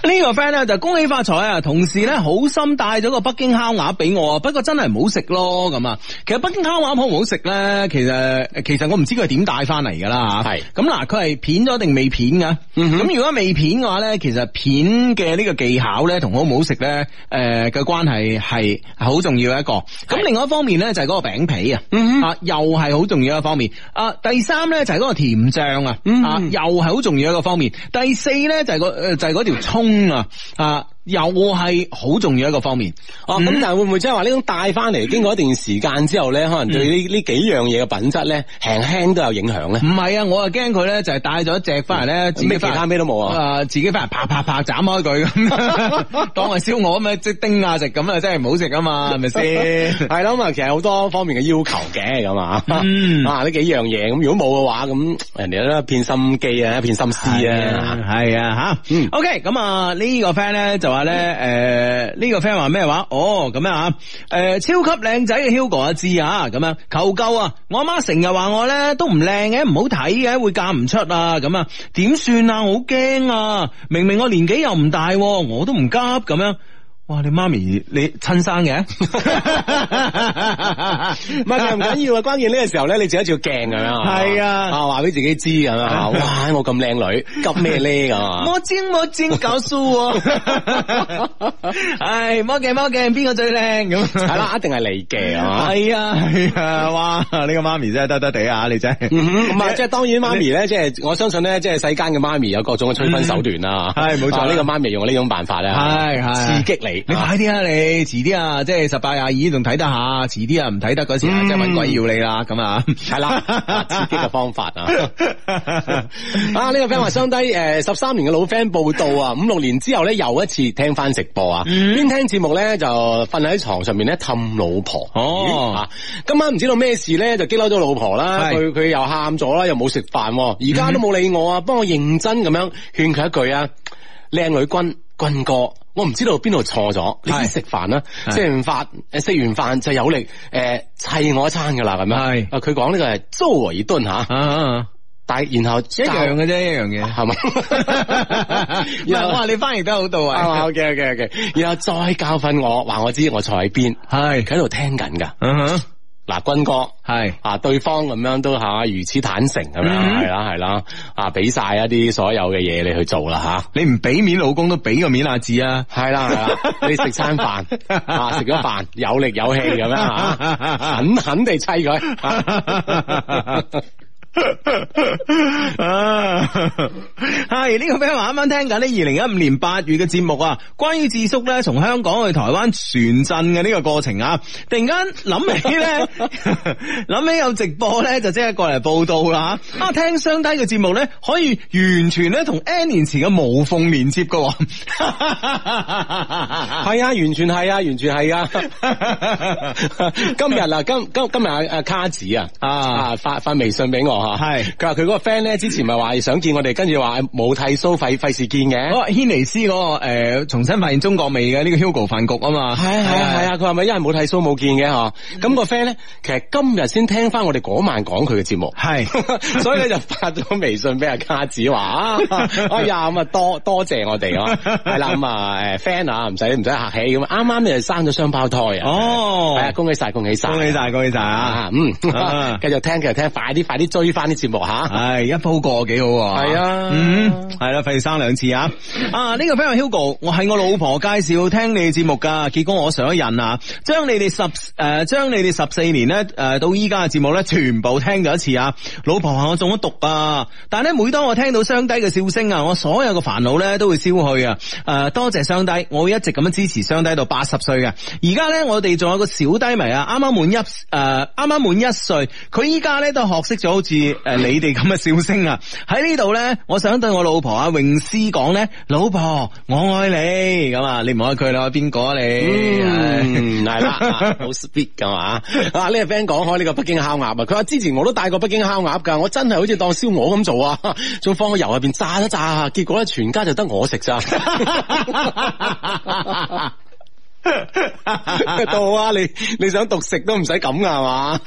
A: 呢個 friend 咧，就恭喜發財啊！同時咧好心帶咗個北京烤鴨俾我啊，不過真係唔好食咯咁啊！其實北京烤鴨好唔好食咧？其實其實我唔知佢係點帶翻嚟噶啦吓。係咁嗱，佢係片咗定未片噶？咁、嗯、哼如果未片嘅話咧，其實片嘅呢個技巧咧同好唔好食咧誒嘅關係係好重要一個。咁是另外一方面咧就係嗰個餅皮、嗯、哼啊，啊又係好重要一方面。啊第三咧就係嗰個甜醬、嗯、哼啊，啊又係好重要一個方面。第四咧就係、嗰個就係嗰條蔥。就是嗯啊啊！Uh. 又係好重要一個方面哦，咁但係會唔會即係話呢種帶翻嚟，經過一段時間之後咧，可能對呢呢幾樣嘢嘅品質咧，輕輕都有影響咧？唔係啊，我啊驚佢咧就係帶咗隻翻嚟咧，自己其他咩都冇啊，啊自己翻嚟啪啪啪斬開佢咁，當係燒鵝咁啊，即係叮下食咁啊，真係唔好食啊嘛，係咪先？係咯，咁啊，其實好多方面嘅要求嘅咁啊，啊呢幾樣嘢，咁如果冇嘅話，咁人哋都一片心機啊，一片心思啊，係啊，吓，OK，咁啊呢個 friend 咧就。話咧，誒、呃，呢、這個 friend 話咩話？哦，咁樣啊，誒、呃，超級靚仔嘅 Hugo 阿知啊，咁樣、啊、求救啊！我阿媽成日話我咧都唔靚嘅，唔好睇嘅、啊，會嫁唔出啊！咁啊，點算啊？好驚啊！明明我年紀又唔大、啊，我都唔急咁、啊、樣、啊。哇！你媽咪你親生嘅，唔係唔緊要啊。關鍵呢個時候咧，你自己照鏡咁樣，係啊，話俾、啊、自己知咁樣。哇！我咁靚女，急咩呢？咁啊？冇
B: 精冇精，搞笑、
A: 啊！ 唉，魔鏡魔鏡，邊個最靚咁？係 啦、哎，一定係你嘅啊！係啊係啊！哇！呢、這個媽咪真係得得地啊！你真唔係即係當然媽咪咧，即係你我相信咧、就是，即係世間嘅媽咪有各種嘅催婚手段啊。係冇錯，呢、哎啊這個媽咪用呢種辦法咧，係刺激你。你快啲啊！你遲啲啊，即係十八廿二仲睇得下，遲啲啊唔睇得嗰時啊，就問、嗯、鬼要你啦咁啊！係啦，刺激嘅方法啊！啊，呢、 啊這個 friend 話相低誒，十、呃、三年嘅老 friend 報到啊，五六年之後咧又一次聽翻直播啊，邊、嗯、聽節目咧就瞓喺床上面咧氹老婆哦啊！今晚唔知道咩事咧就激嬲咗老婆啦，佢佢是又喊咗啦，又冇食飯，而家都冇理我啊，幫我，我認真咁樣勸佢一句啊，靚女，女君女君，君哥。我唔知道邊度錯咗，是你食飯啦，食完飯誒食完飯就有力誒砌我一餐噶啦，係咪？係是，佢講呢個係周圍蹲吓，啊啊啊、但然後一樣嘅啫，一樣嘅係嘛？我話是吧 後你翻譯得好到啊！好嘅、啊，好嘅，好嘅，然後再教訓我，話我知我坐喺邊，係佢喺度聽緊噶。啊嗱，軍哥係是啊，對方咁樣都吓、啊、如此坦誠咁樣，係、嗯、啦係啦，啊，俾晒一啲所有嘅嘢你去做啦吓，啊、你唔俾面老公都俾個面阿志啊，係啦係啦，你食餐飯啊，食咗飯有力有氣咁樣吓，狠、啊、狠地砌佢。啊 係 呢、啊，這個咩話？啱啱聽緊呢二零一五年八月嘅節目啊，關於智叔咧，從香港去台灣船鎮嘅呢個過程啊，突然間諗起咧，諗 起有直播咧，就即刻過嚟報道啦。啊，聽雙低嘅節目咧，可以完全咧同 N 年前嘅無縫連接噶。係 啊，完全係啊，完全係啊。 今日啊，今今今日阿阿卡子啊，啊發發微信俾我。係佢話佢嗰個 friend 咧，之前咪話想見我哋，跟住話冇剃鬚，費費事見嘅。哦，軒尼斯嗰個誒，重新發現中國味嘅呢個 Hugo 飯局啊嘛。係啊係啊係啊，佢係咪因為冇剃鬚冇見嘅嗬？咁個 friend 咧，其實今日先聽翻我哋嗰晚講佢嘅節目。係，所以咧就發咗微信俾阿卡子話啊，哎呀咁啊多多謝我哋啊。」係啦，咁啊誒 friend 啊，唔使唔使客氣咁，啱啱又生咗雙胞胎啊。哦，恭喜晒，恭喜晒，恭喜晒，恭喜晒啊！嗯，繼續聽，繼續聽，快啲，快啲追。翻啲節目吓，係、哎、一鋪過幾好，係啊，啊嗯，係啦、啊，費事生兩次啊！啊，呢、這個 friend Hugo，我係我老婆介紹聽你嘅節目噶，結果我上咗癮啊，將你哋十誒、呃，將你哋十四年咧誒、呃，到依家嘅節目咧，全部聽咗一次啊！老婆話我中咗毒啊，但係咧，每當我聽到雙低嘅笑聲啊，我所有嘅煩惱咧都會消去啊！誒、呃，多謝雙低，我會一直咁樣支持雙低到八十歲嘅。而家咧，我哋仲有個小低迷啊，啱啱滿一誒，啱、呃、啱滿一歲，佢依家咧都學識咗好似。誒，你哋咁嘅笑聲啊，喺呢度咧，我想對我老婆阿榮詩講咧，老婆我愛你，咁啊，你唔愛佢，你愛邊個啊你？嗯，係、 哎、啦，好 sweet 噶嘛， 啊呢、這個 friend 講開呢個北京烤鴨啊，佢話之前我都帶過北京烤鴨噶，我真係好似當燒鵝咁做啊，仲放個油入邊炸一炸，結果咧全家就得我食咋。 到 啊！你你想獨食都唔使咁噶係嘛？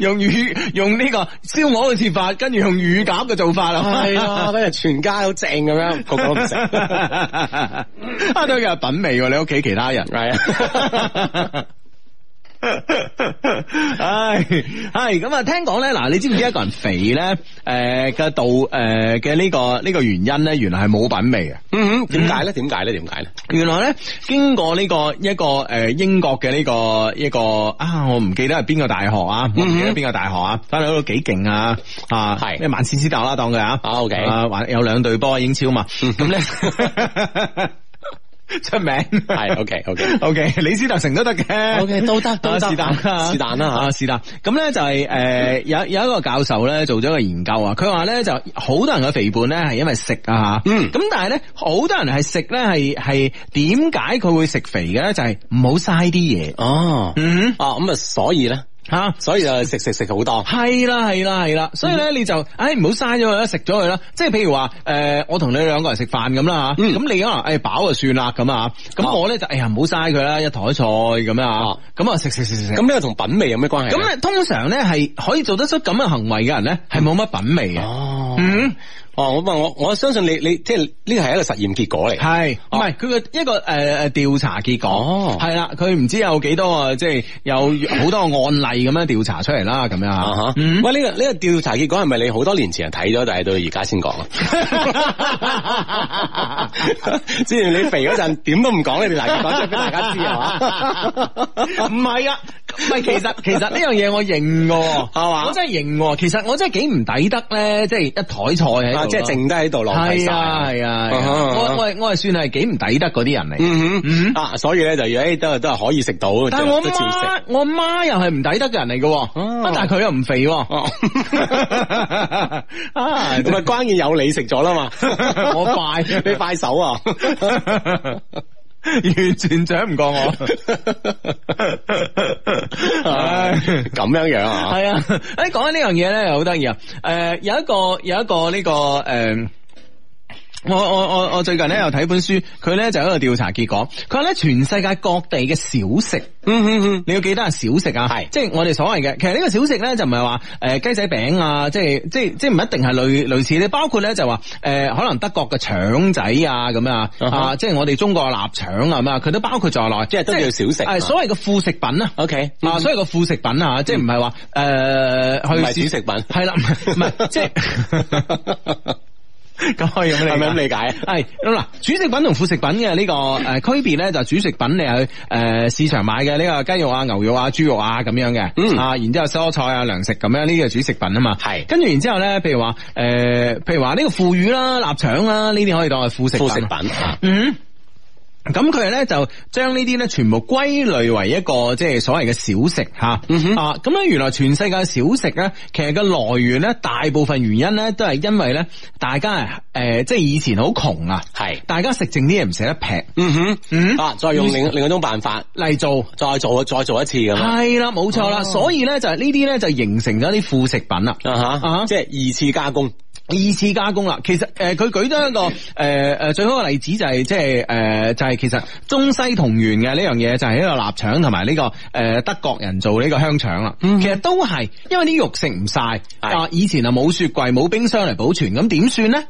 A: 用魚用呢個燒鵝嘅切法，跟住用乳鴿嘅做法咯，係啊、 哎！跟住全家好正咁樣，個個都唔食。 啊，都有品味喎！你屋企其他人係啊。Right. 唉，係咁啊！聽講咧，嗱，你知唔知一個人肥咧？誒嘅道，誒嘅呢個呢個原因咧、mm hmm.，原來係冇品味啊！嗯嗯，點解咧？點解咧？點解咧？原來咧，經過呢個一個誒英國嘅呢個一個啊，我唔記得係邊個大學啊，唔、mm hmm. 記得邊個大學啊，翻嚟都幾勁啊！啊，係咩是？曼徹斯特啦，當佢啊，OK，啊，有兩隊波英超嘛？咁咧、mm。Hmm. 出名係 ，OK OK OK，李斯特成都得嘅，OK 都得，是但，啦、呃，是但啦嚇，是但。咁咧就係誒有有一個教授咧做咗個研究啊，佢話咧就好多人嘅肥胖咧係因為食啊嚇，嗯，咁但係咧好多人係食咧係係點解佢會食肥嘅咧就係唔好嘥啲嘢哦，嗯，啊咁啊所以咧。吓，所以就食食食好多，係啦係啦係啦，所以咧你就，哎唔好嘥咗佢啦，食咗佢啦，即係譬如話，誒、呃、我同你兩個人食飯咁啦吓，咁、嗯、你可能，哎飽就算啦咁啊，咁我咧就，哎呀唔好嘥佢啦，一台菜咁啊，咁啊食食食食食，咁呢個同品味有咩關係？咁咧通常咧係可以做得出咁嘅行為嘅人咧，係冇乜品味嘅。哦。嗯。啊啊哦，咁啊，我我相信你，你即係呢個係一個實驗結果嚟，係唔係佢個一個誒誒調查結果，係、哦、啦，佢唔、哦、知有幾多，多啊，即係有好多個案例咁樣調查出嚟啦，咁樣、嗯。喂，呢、這個呢、這個調查結果係咪你好多年前睇咗，但係到而家先講啊？ 之前你肥嗰陣點都唔講，你突然講出俾大家知、哦、 啊。唔係啊，唔係，其實其實呢樣嘢我認，係嘛 吧？我真係認，其實我真係幾唔抵得咧，即、就、係、是、一台菜係。即係淨得喺度落，係係啊！啊啊我我我係算係幾唔抵得嗰啲人嚟，啊！所以咧就要，誒都係都係可以食到。但係我都食。我媽又係唔抵得嘅人嚟嘅，哦、啊！但係佢又唔肥，啊！
C: 咁
A: 啊關鍵有你食咗啦嘛， 我快你快手啊！ 完全掌唔過我， 唉，咁樣 樣啊，係啊，誒，講緊呢樣嘢咧，好得意啊，誒，有一個，有一個呢、這個，誒、呃。我我我我最近咧又睇本書，佢咧就喺度調查結果，佢話咧全世界各地嘅小食，嗯嗯嗯，你要記得係小食啊，係，即係我哋所謂嘅，其實呢個小食咧就唔係話誒雞仔餅啊，即係即係即係唔一定係類類似你包括咧就話誒可能德國嘅腸仔啊咁啊，啊即係我哋中國嘅臘腸啊咁啊，佢都包括在內，即係都叫小食，係所謂嘅副食品啊。OK，啊，所謂嘅副食品啊，即係唔係話誒去主食品，係啦，唔係即係。咁可以係咪咁樣理解啊？係嗱， 主食品同副食品嘅呢個誒區別咧，就主食品你係去誒市場買嘅呢、呢個雞肉啊、牛肉啊、豬肉啊咁樣嘅，嗯啊，然之後蔬菜啊、糧食咁樣呢個主食品啊嘛，係、嗯。跟住然之後咧，譬如話誒，譬、呃、如話呢個腐乳啦、臘腸啦，呢啲可以當係副食品。副食品，嗯。咁佢咧就將呢啲咧全部歸類為一個即係所謂嘅小食吓啊！咁咧原來全世界小食咧，其實嘅來源咧大部分原因咧都係因為咧大家誒，即係以前好窮啊，係大家食剩啲嘢唔捨得撇是，嗯哼，嗯啊，再用另另一種辦法嚟、嗯、做，再做，再做一次咁，係啦，冇錯啦，嗯、所以咧就係呢啲咧就形成咗啲副食品啦，吓、啊，即係二次加工。二次加工啦，其實誒，佢舉咗一個誒誒、呃、最好嘅例子就係即係誒就係、是、其實中西同源嘅呢樣嘢就係呢、呢個臘腸同埋呢個誒德國人做呢個香腸啦，嗯、哼其實都係因為啲肉食唔晒，啊的以前啊冇雪櫃冇冰箱嚟保存，咁點算咧？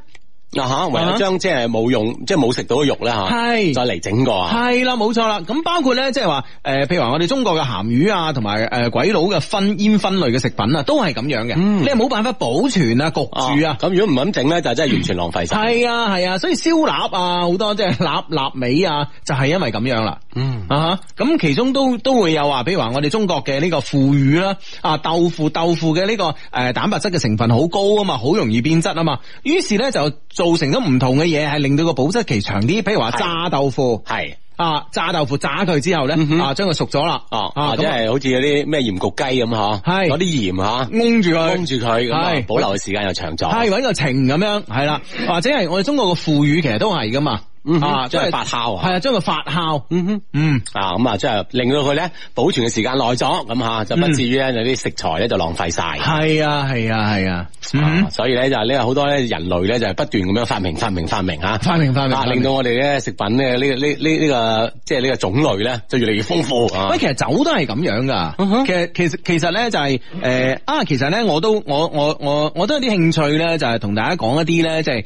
A: 嗱吓、啊，唯有將即係冇用，啊、哈即係冇食到嘅肉咧吓，係再嚟整過啊！係啦，冇錯啦。咁包括咧，即係話誒，譬如話我哋中國嘅鹹魚啊，同埋誒鬼佬嘅熏煙熏類嘅食品啊，都係咁樣嘅。嗯、你冇辦法保存啊，焗住啊。咁如果唔肯整咧，就真係完全浪費晒。係啊，係啊。所以燒臘啊，好多即係臘臘味啊，就係、是、因為咁樣啦。嗯啊吓，咁其中都都會有話，譬如話我哋中國嘅呢個腐乳啦，啊豆腐豆腐嘅呢個誒蛋白質嘅成分好高啊嘛，好容易變質啊嘛，於是咧就。造成咗唔同嘅嘢，係令到個保質期長啲。譬如話炸豆腐，係啊，炸豆腐炸佢之後咧是，啊，將佢熟咗啦，哦，咁係好似啲咩鹽焗雞咁嗬，係攞啲鹽吓，烘住佢，烘住佢，係保留嘅時間又長咗，係搵個情咁樣，係啦，或者係我哋中國個腐乳，其實都係噶嘛。嗯啊，將佢發酵，係啊，將佢發酵，嗯嗯啊，咁啊，即係令到佢咧保存嘅時間耐咗，咁吓、嗯、就不至於咧有啲食材咧就浪費晒。係啊、嗯，係、嗯、啊，係啊，所以咧就係呢，好多咧人類咧就係不斷咁樣發明發明發明吓，發明發明，令到我哋咧食品咧、這、呢個呢呢呢個即係呢個種類咧就越嚟越豐富。嗯、哼喂，其實酒都係咁樣噶，其實其實其實咧就係誒啊，其實咧、就是呃、我都我我我我都有啲興趣咧，就係同大家講一啲咧即係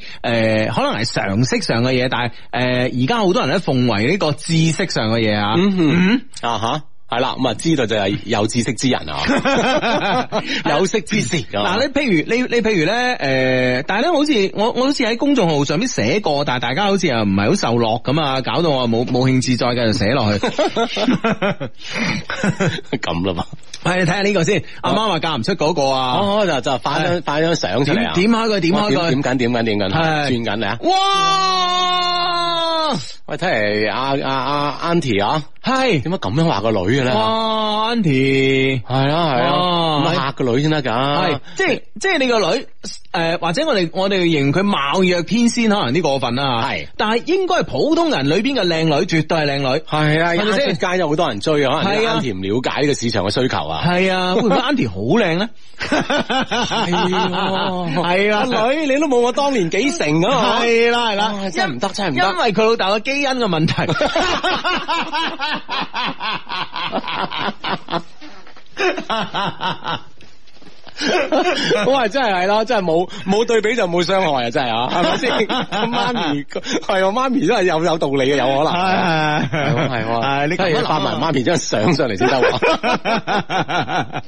A: 誒可能係常識上嘅嘢，但係。誒，而家好多人咧奉為呢個知識上嘅嘢啊，嗯哼啊吓。嗯哼 uh huh. 係啦，咁啊，知道就係有知識之人啊，有識之士、啊，嗱，你譬如你，你譬如咧，誒、呃，但係咧，好似我，我好似喺公眾號上面寫過，但係大家好似又唔係好受落咁啊，搞到我冇冇興致再，繼續寫落去。咁啦嘛，係睇下呢個先。阿媽話嫁唔出嗰個啊，我就就翻張翻張相出嚟、uh, 啊，點下佢，點下佢，點緊點緊點緊，轉緊嚟啊！哇，喂，睇嚟阿阿阿 Auntie 啊，係點解咁樣話個女？啊啊哇，Andy 係啊，係啦，吓個女先得噶，係即係即係你個女，誒或者我哋我哋形容佢貌若天仙，可能啲過分啦，係，但係應該係普通人裏邊嘅靚女，絕對係靚女，係啊，出街有好多人追啊，係啊，Andy 唔了解呢個市場嘅需求啊，係啊，阿 Andy 好靚咧，係啊，女你都冇我當年幾成啊，係啦係啦，真係唔得真係唔得，因為佢老豆嘅基因嘅問題。 哇！真係係咯，真係冇冇對比就冇傷害啊！ 是是真係啊，係咪先？媽咪係我媽咪都係有有道理嘅，有可能係係， 你家要發埋媽咪張相、 嗯、上嚟先得，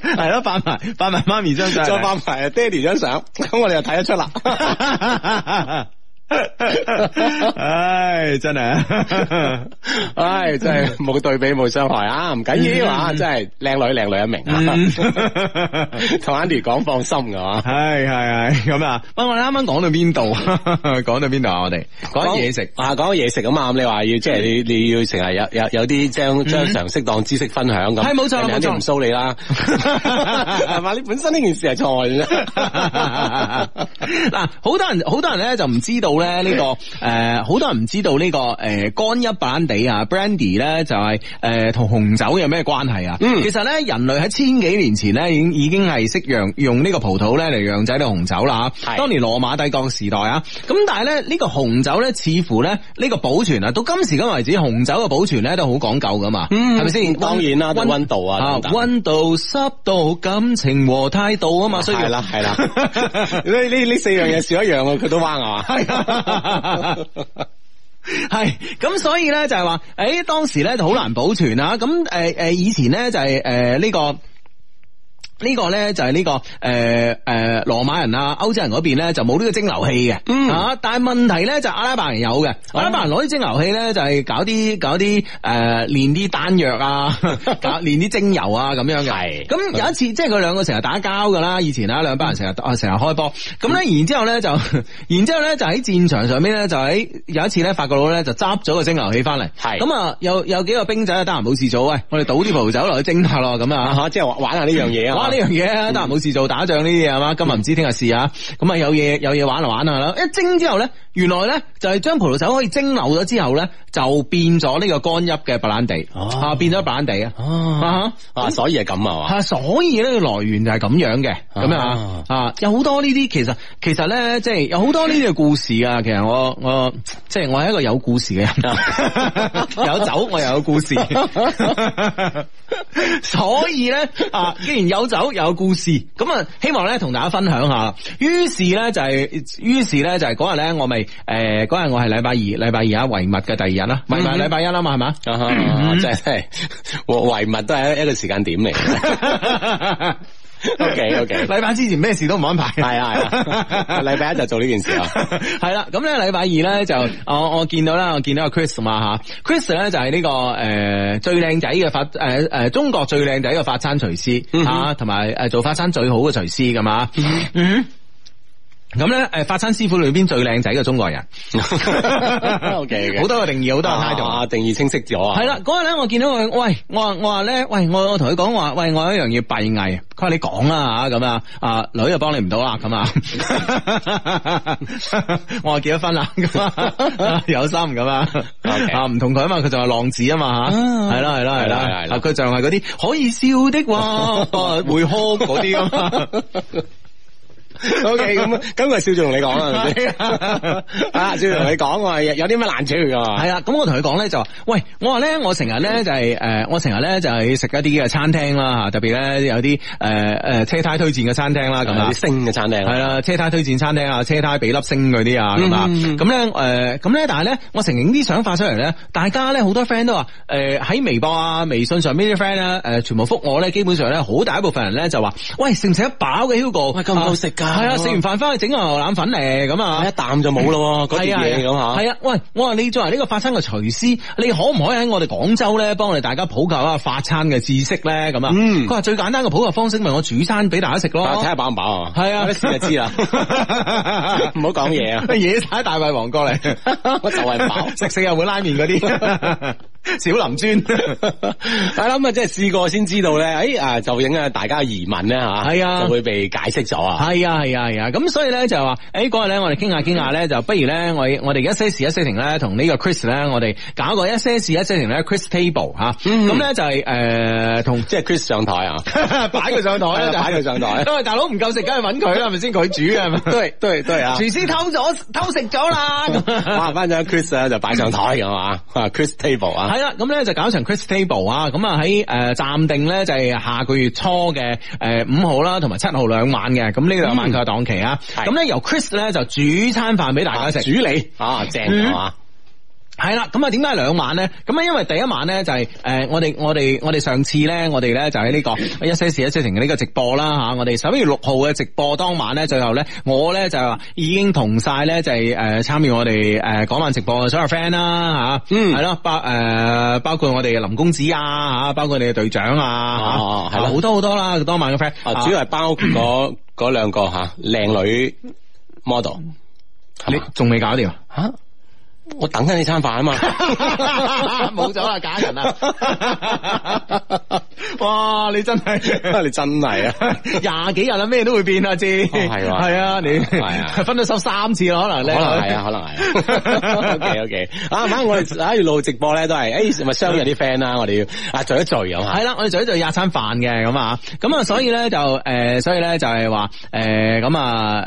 A: 係咯，發埋發埋媽咪張相， 再發埋爹哋張相，咁 我哋又睇得出啦。 唉，真係，唉，真係冇對比冇傷害啊！唔緊要啊，真係靚女靚女一名啊，同 Andy 講放心嘅話，唉，係係咁啊！不過你啱啱講到邊度？講到邊度啊？我哋講嘢食啊，講嘢食咁嘛。你話要即係你你要成日有有有啲將將常識當知識分享咁，係冇錯冇錯，有啲唔騷你啦，話你本身呢件事係錯嘅。嗱，好多人好多人咧就唔知道。咧呢個誒，好多人唔知道呢個誒干邑白蘭地啊，Brandy 咧就係誒同紅酒有咩關係啊？其實咧人類喺千幾年前咧已經已經係識釀用呢個葡萄咧嚟釀製呢紅酒啦吓，當年羅馬帝國時代啊，咁但係咧呢個紅酒咧，似乎咧呢個保存啊，到今時今為止紅酒嘅保存咧都好講究噶嘛，嗯，係咪先？當然啦，溫度啊，溫度濕度、感情和態度啊嘛，所以係啦係啦，呢呢四樣嘢少一樣佢都彎啊嘛，係啊。係，咁 所以咧就係話，誒，當時咧就好難保存啊，咁誒誒，以前咧就係誒呢個。呢個咧就係呢、這個誒誒、呃呃、羅馬人啊，歐洲人嗰邊咧就冇呢個蒸餾器嘅，嗯、啊！但係問題咧就阿拉伯人有嘅，嗯、阿拉伯人攞啲蒸餾器咧就係搞啲搞啲誒煉啲丹藥啊，搞煉啲精油啊咁樣嘅。係是，咁有一次是即係佢兩個成日打交㗎喇，以前兩、嗯、啊兩班人成日成日開波，咁咧然之後咧就，嗯、就，然之後咧就喺戰場上邊咧就喺有一次咧法國佬咧就執咗個蒸餾器翻嚟，係咁啊有有幾個兵仔啊得閒冇事做，喂我哋倒啲葡萄酒落去蒸下咯咁啊嚇，即係玩下呢樣嘢啊。 呢樣嘢啊，得閒冇事做打仗呢啲嘢係嘛，今日唔知聽日事啊，咁啊有嘢有嘢玩就玩下啦。一蒸之後咧，原來咧就係將葡萄酒可以蒸餾咗之後咧，就變咗呢個干邑嘅白蘭地啊，變咗白蘭地啊，啊所以係咁啊，係所以呢個來源就係咁樣嘅，咁啊啊，啊有好多呢啲其實其實咧即係有好多呢啲嘅故事啊，其實我我即係、就是、我係一個有故事嘅人， 有酒我又有故事， 所以咧啊既然有酒。好有故事，咁啊，希望咧同大家分享下。於是咧就係、是，於是咧就係嗰日咧，呃、我咪誒，嗰日我係禮拜二，禮拜二啊，遺物嘅第二日啦，咪咪禮拜一啦嘛，係嘛、嗯哼，即係係，我遺、嗯哼啊、物都係一個時間點嚟。 O K O K，禮拜之前咩事都唔安排，係啊係啊，禮拜一就做呢件事啊，係 啦，咁咧禮拜二咧就 我我見到啦，我見到 Chris 嘛吓，Chris 咧就係、是、呢、這個誒、呃、最靚仔嘅法誒誒、呃、中國最靚仔嘅法餐廚師吓，同埋誒做法餐最好嘅廚師㗎嘛。 嗯咁咧，誒，法餐師傅裏邊最靚仔嘅中國人好 Okay, okay. 多個定義，好多人態度啊，定義清晰咗啊。係啦，嗰日咧，我見到佢，喂，我話我話咧，喂，我我同佢講話，喂，我有一樣嘢閉翳，佢話你講啦咁啊，啊，女又幫你唔到啦，咁， 我話結咗婚啦，咁有心咁啊，啊，唔 Okay. 同佢啊嘛，佢就係浪子啊嘛嚇，係啦係啦係啦，啊，佢就係嗰啲可以笑的話會哭嗰啲咁。O K，咁咁我係笑住同你講啊，係咪？啊，笑住同你講，我有啲咩難處噶。係啊，咁我同佢講咧就話，喂，我話咧我成日咧就係誒，我成日咧就係、是、食、呃就是、一啲嘅餐廳啦吓，特別咧有啲誒誒車胎推薦嘅餐廳啦咁啊，啲星嘅餐廳。係啦，車胎推薦餐廳啊，車胎俾粒星嗰啲啊咁啊。咁咧誒，咁咧、呃、但係咧，我成日影啲相發出嚟咧，大家咧好多 friend 都話，誒、呃、喺微博啊、微信上邊啲 friend 咧，誒全部復我咧，基本上咧好大一部分人咧就話，喂，食唔食得飽嘅 Hugo？喂，咁好食噶？啊係啊，食完飯翻去整牛腩粉嚟，咁啊一啖就冇咯，嗰碟嘢咁啊。係啊，喂，我話你作為呢個法餐嘅廚師，你可唔可以喺我哋廣州咧，幫我哋大家普及一下法餐嘅知識咧？咁啊，佢話最簡單嘅普及方式，咪我煮餐俾大家食咯。睇下飽唔飽啊？係啊，一試就知啦。唔好講嘢啊，惹晒大胃王過嚟，我就係飽食食又會拉麵嗰啲小林尊。我諗啊，即係試過先知道咧，誒啊，就影響大家疑問咧吓，係啊，就會被解釋咗啊。係啊。係啊係啊，咁、啊、所以咧就話，誒嗰日咧我哋傾下傾下咧，嗯、就不如咧我我哋一些事一些情咧，同呢個 Chris 咧，我哋搞一個一些事一些情咧 Chris Table 吓、嗯，咁咧就係、是、誒、呃、同即係 Chris 上台啊，擺佢上台啦，擺佢上台，因為、嗯、 大佬唔夠食，梗係揾佢啦，係咪先？佢煮嘅，都係都係都係啊！廚師偷咗偷食咗啦，哇！班長 Chris 咧就擺上台嘅嘛 ，Chris Table 啊，係啦，咁咧就搞成 Chris Table 啊， 咁啊喺誒暫定咧就係下個月初嘅誒五號啦，同埋七號兩晚嘅，咁呢兩晚。佢係檔期啊，咁、嗯、咧由 Chris 咧就煮餐飯俾大家食、啊，煮你啊，正啊。嗯係啦，咁啊，點解兩晚咧？咁啊，因為第一晚咧就係、是、誒、呃，我哋我哋我哋上次咧，我哋咧就喺呢、這個一些事一些情嘅呢個直播啦吓、啊，我哋十一月六號嘅直播當晚咧，最後咧我咧就係話已經同晒咧就係誒參與我哋誒晚直播嘅所有 friend 啦吓、啊、嗯，係咯包誒、呃、包括我哋林公子啊吓，包括你嘅隊長啊，係咯好多好多啦，當晚嘅 friend，、啊、主要係包括嗰嗰兩個吓靚 女 model， 吧你仲未搞掂啊？我等緊你餐飯啊嘛，
C: 冇咗啦假人 啊，
A: 哇你真係你真係啊，廿幾日啦咩都會變、 哦、啊知，係係啊，啊你係、啊、分咗手三次咯，可能咧，可能係啊 可能係，ok ok，啊反正我哋一路直播咧都係誒咪相約啲 friend 啦，我哋要啊聚一聚咁啊，係啦我哋聚一聚廿餐飯嘅咁啊，咁啊所以咧就誒所以咧就係話誒咁啊誒咁啊。啊啊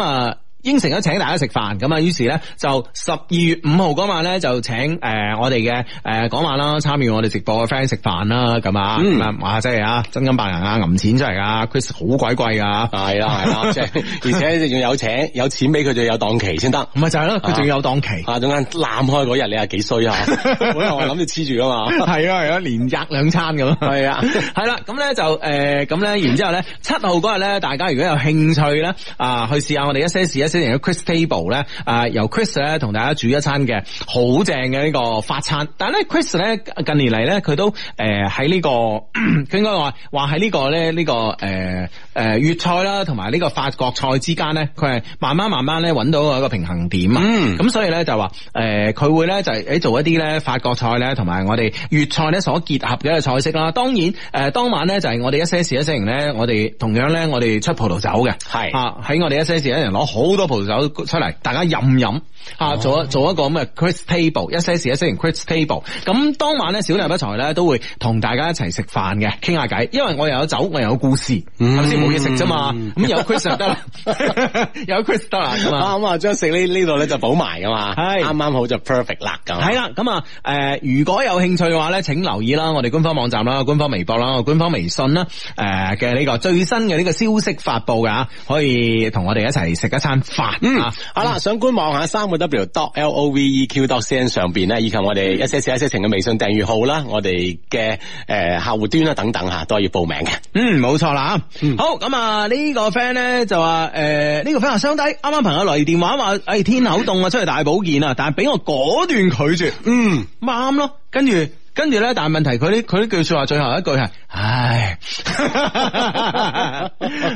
A: 啊啊啊應承咗請大家食飯，咁啊，於是咧就十二月五號嗰晚咧就請誒我哋嘅誒嗰晚啦，參與我哋直播嘅 friend 食飯啦，咁啊，哇真係啊，真金白銀啊，揜錢出嚟啊 Chris 好鬼貴啊。係啦係啦，即係 而且仲有請，有錢俾佢就有檔期先得，唔係就係咯，佢仲要有檔期啊，中間攬開嗰日你係幾衰啊？嗰日 我諗住黐住啊嘛，係啊係啊，連日兩餐咁咯，係啊， 係啦，咁咧就誒咁咧，然之後咧七號嗰日咧，大家如果有興趣咧啊，去試下我哋一些事一些。之前嘅 Chris Table 咧，啊由 Chris 咧同大家煮一餐嘅好正嘅呢個法餐。但係咧 Chris 咧近年嚟咧，佢都誒喺呢個，佢、呃、應該話話喺呢個咧呢、這個誒誒粵菜啦，同埋呢個法國菜之間咧，佢係慢慢慢慢咧揾到一個平衡點。啊嗯，咁所以咧就話誒佢會咧就係誒做一啲咧法國菜咧，同埋我哋粵菜咧所結合嘅一個菜式啦。當然誒、呃、當晚咧就係我哋一些事一些情咧，我哋同樣咧我哋出葡萄酒嘅係啊喺我哋一些事一人攞好多。葡萄酒出嚟，大家飲飲啊，做一做一個咁嘅 Chris Table， 一些事一些人 Chris Table。咁，哦、當晚咧，小麗不才咧都會同大家一齊食飯嘅，傾下偈。因為我又有酒，我又有故事，係咪先冇嘢食啫嘛？咁有 Chris 得啦，有 Chris 得啦嘛。咁啊，嗯，將食呢呢度咧就補埋噶嘛，係啱啱好就 perfect 啦。係啦，咁啊，誒，如果有興趣嘅話咧，請留意啦，我哋官方網站啦、官方微博啦、官方微信啦，誒嘅呢個最新嘅呢個消息發布噶，可以同我哋一齊食一餐。煩 嗯，好、嗯、啦，想觀望 o v e N、上官網下三個 w dot l o v e q dot cn 上邊咧，以及我哋一些事一些情嘅微信訂閱號等等、嗯、啦，我哋嘅誒客戶端啦等等吓，都可以報名嘅。嗯，冇錯啦，好，咁啊呢個 friend 咧就話誒呢個 friend 話兄弟，啱啱朋友嚟電話話，哎，天口凍啊，出嚟大保健啊，但係俾我果斷拒絕。嗯，啱咯。跟住跟住咧，但係問題佢呢，佢呢句說話最後一句係。唉，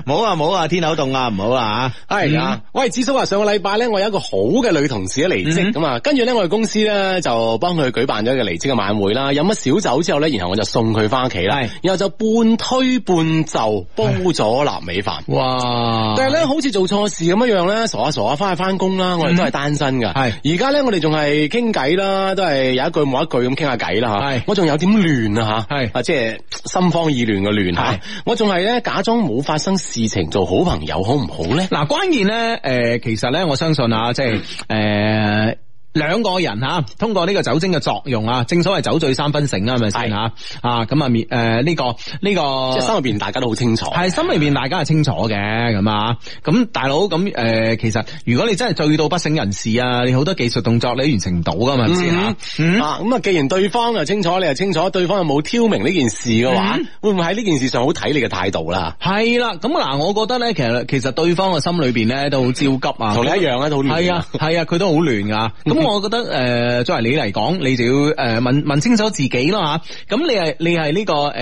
A: 冇啊冇啊，天口凍啊，唔好啊吓。係啊，喂，子叔啊，上個禮拜咧，我有一個好嘅女同事啊離職咁啊，跟住咧我哋公司咧就幫佢舉辦咗一個離職嘅晚會啦，飲咗小酒之後咧，然後我就送佢翻屋企啦，然後就半推半就煲咗臘味飯。哇！但係咧好似做錯事咁樣樣咧，傻下傻下翻去翻工啦。我哋都係單身噶，係。而家咧我哋仲係傾偈啦，都係有一句冇一句咁傾下偈啦吓。係。我仲有點亂啊吓。係。啊，即係心。方意亂嘅亂吓，的我仲係咧假裝冇發生事情，做好朋友好唔好咧？嗱，關鍵咧，誒，其實咧，我相信啊，即係誒。呃兩個人吓，通過呢個酒精嘅作用啊，正所謂酒醉三分醒啦，係咪先吓？啊，咁啊誒呢個呢個，即係心入邊大家都好清楚。係心入邊大家係清楚嘅咁啊。咁大佬咁誒，其實如果你真係醉到不省人事啊，你好多技術動作你完成唔到噶嘛，係咪先吓？咁、嗯、啊，既然對方又清楚，你又清楚，對方又冇挑明呢件事嘅話，嗯、會唔會喺呢件事上好睇你嘅態度啦？係啦，咁、嗯、嗱，我覺得咧，其實其實對方嘅心裏邊咧都好焦急啊、嗯。同你一樣咧，係啊係啊，佢都好亂噶。咁。咁我覺得誒、呃，作為你嚟講，你就要誒問問清楚自己咯吓。咁、啊、你係你係呢、這個誒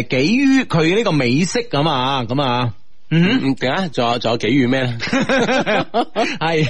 A: 誒誒，己於佢呢個美式咁啊咁啊。嗯，點啊？仲有仲有幾於咩咧？係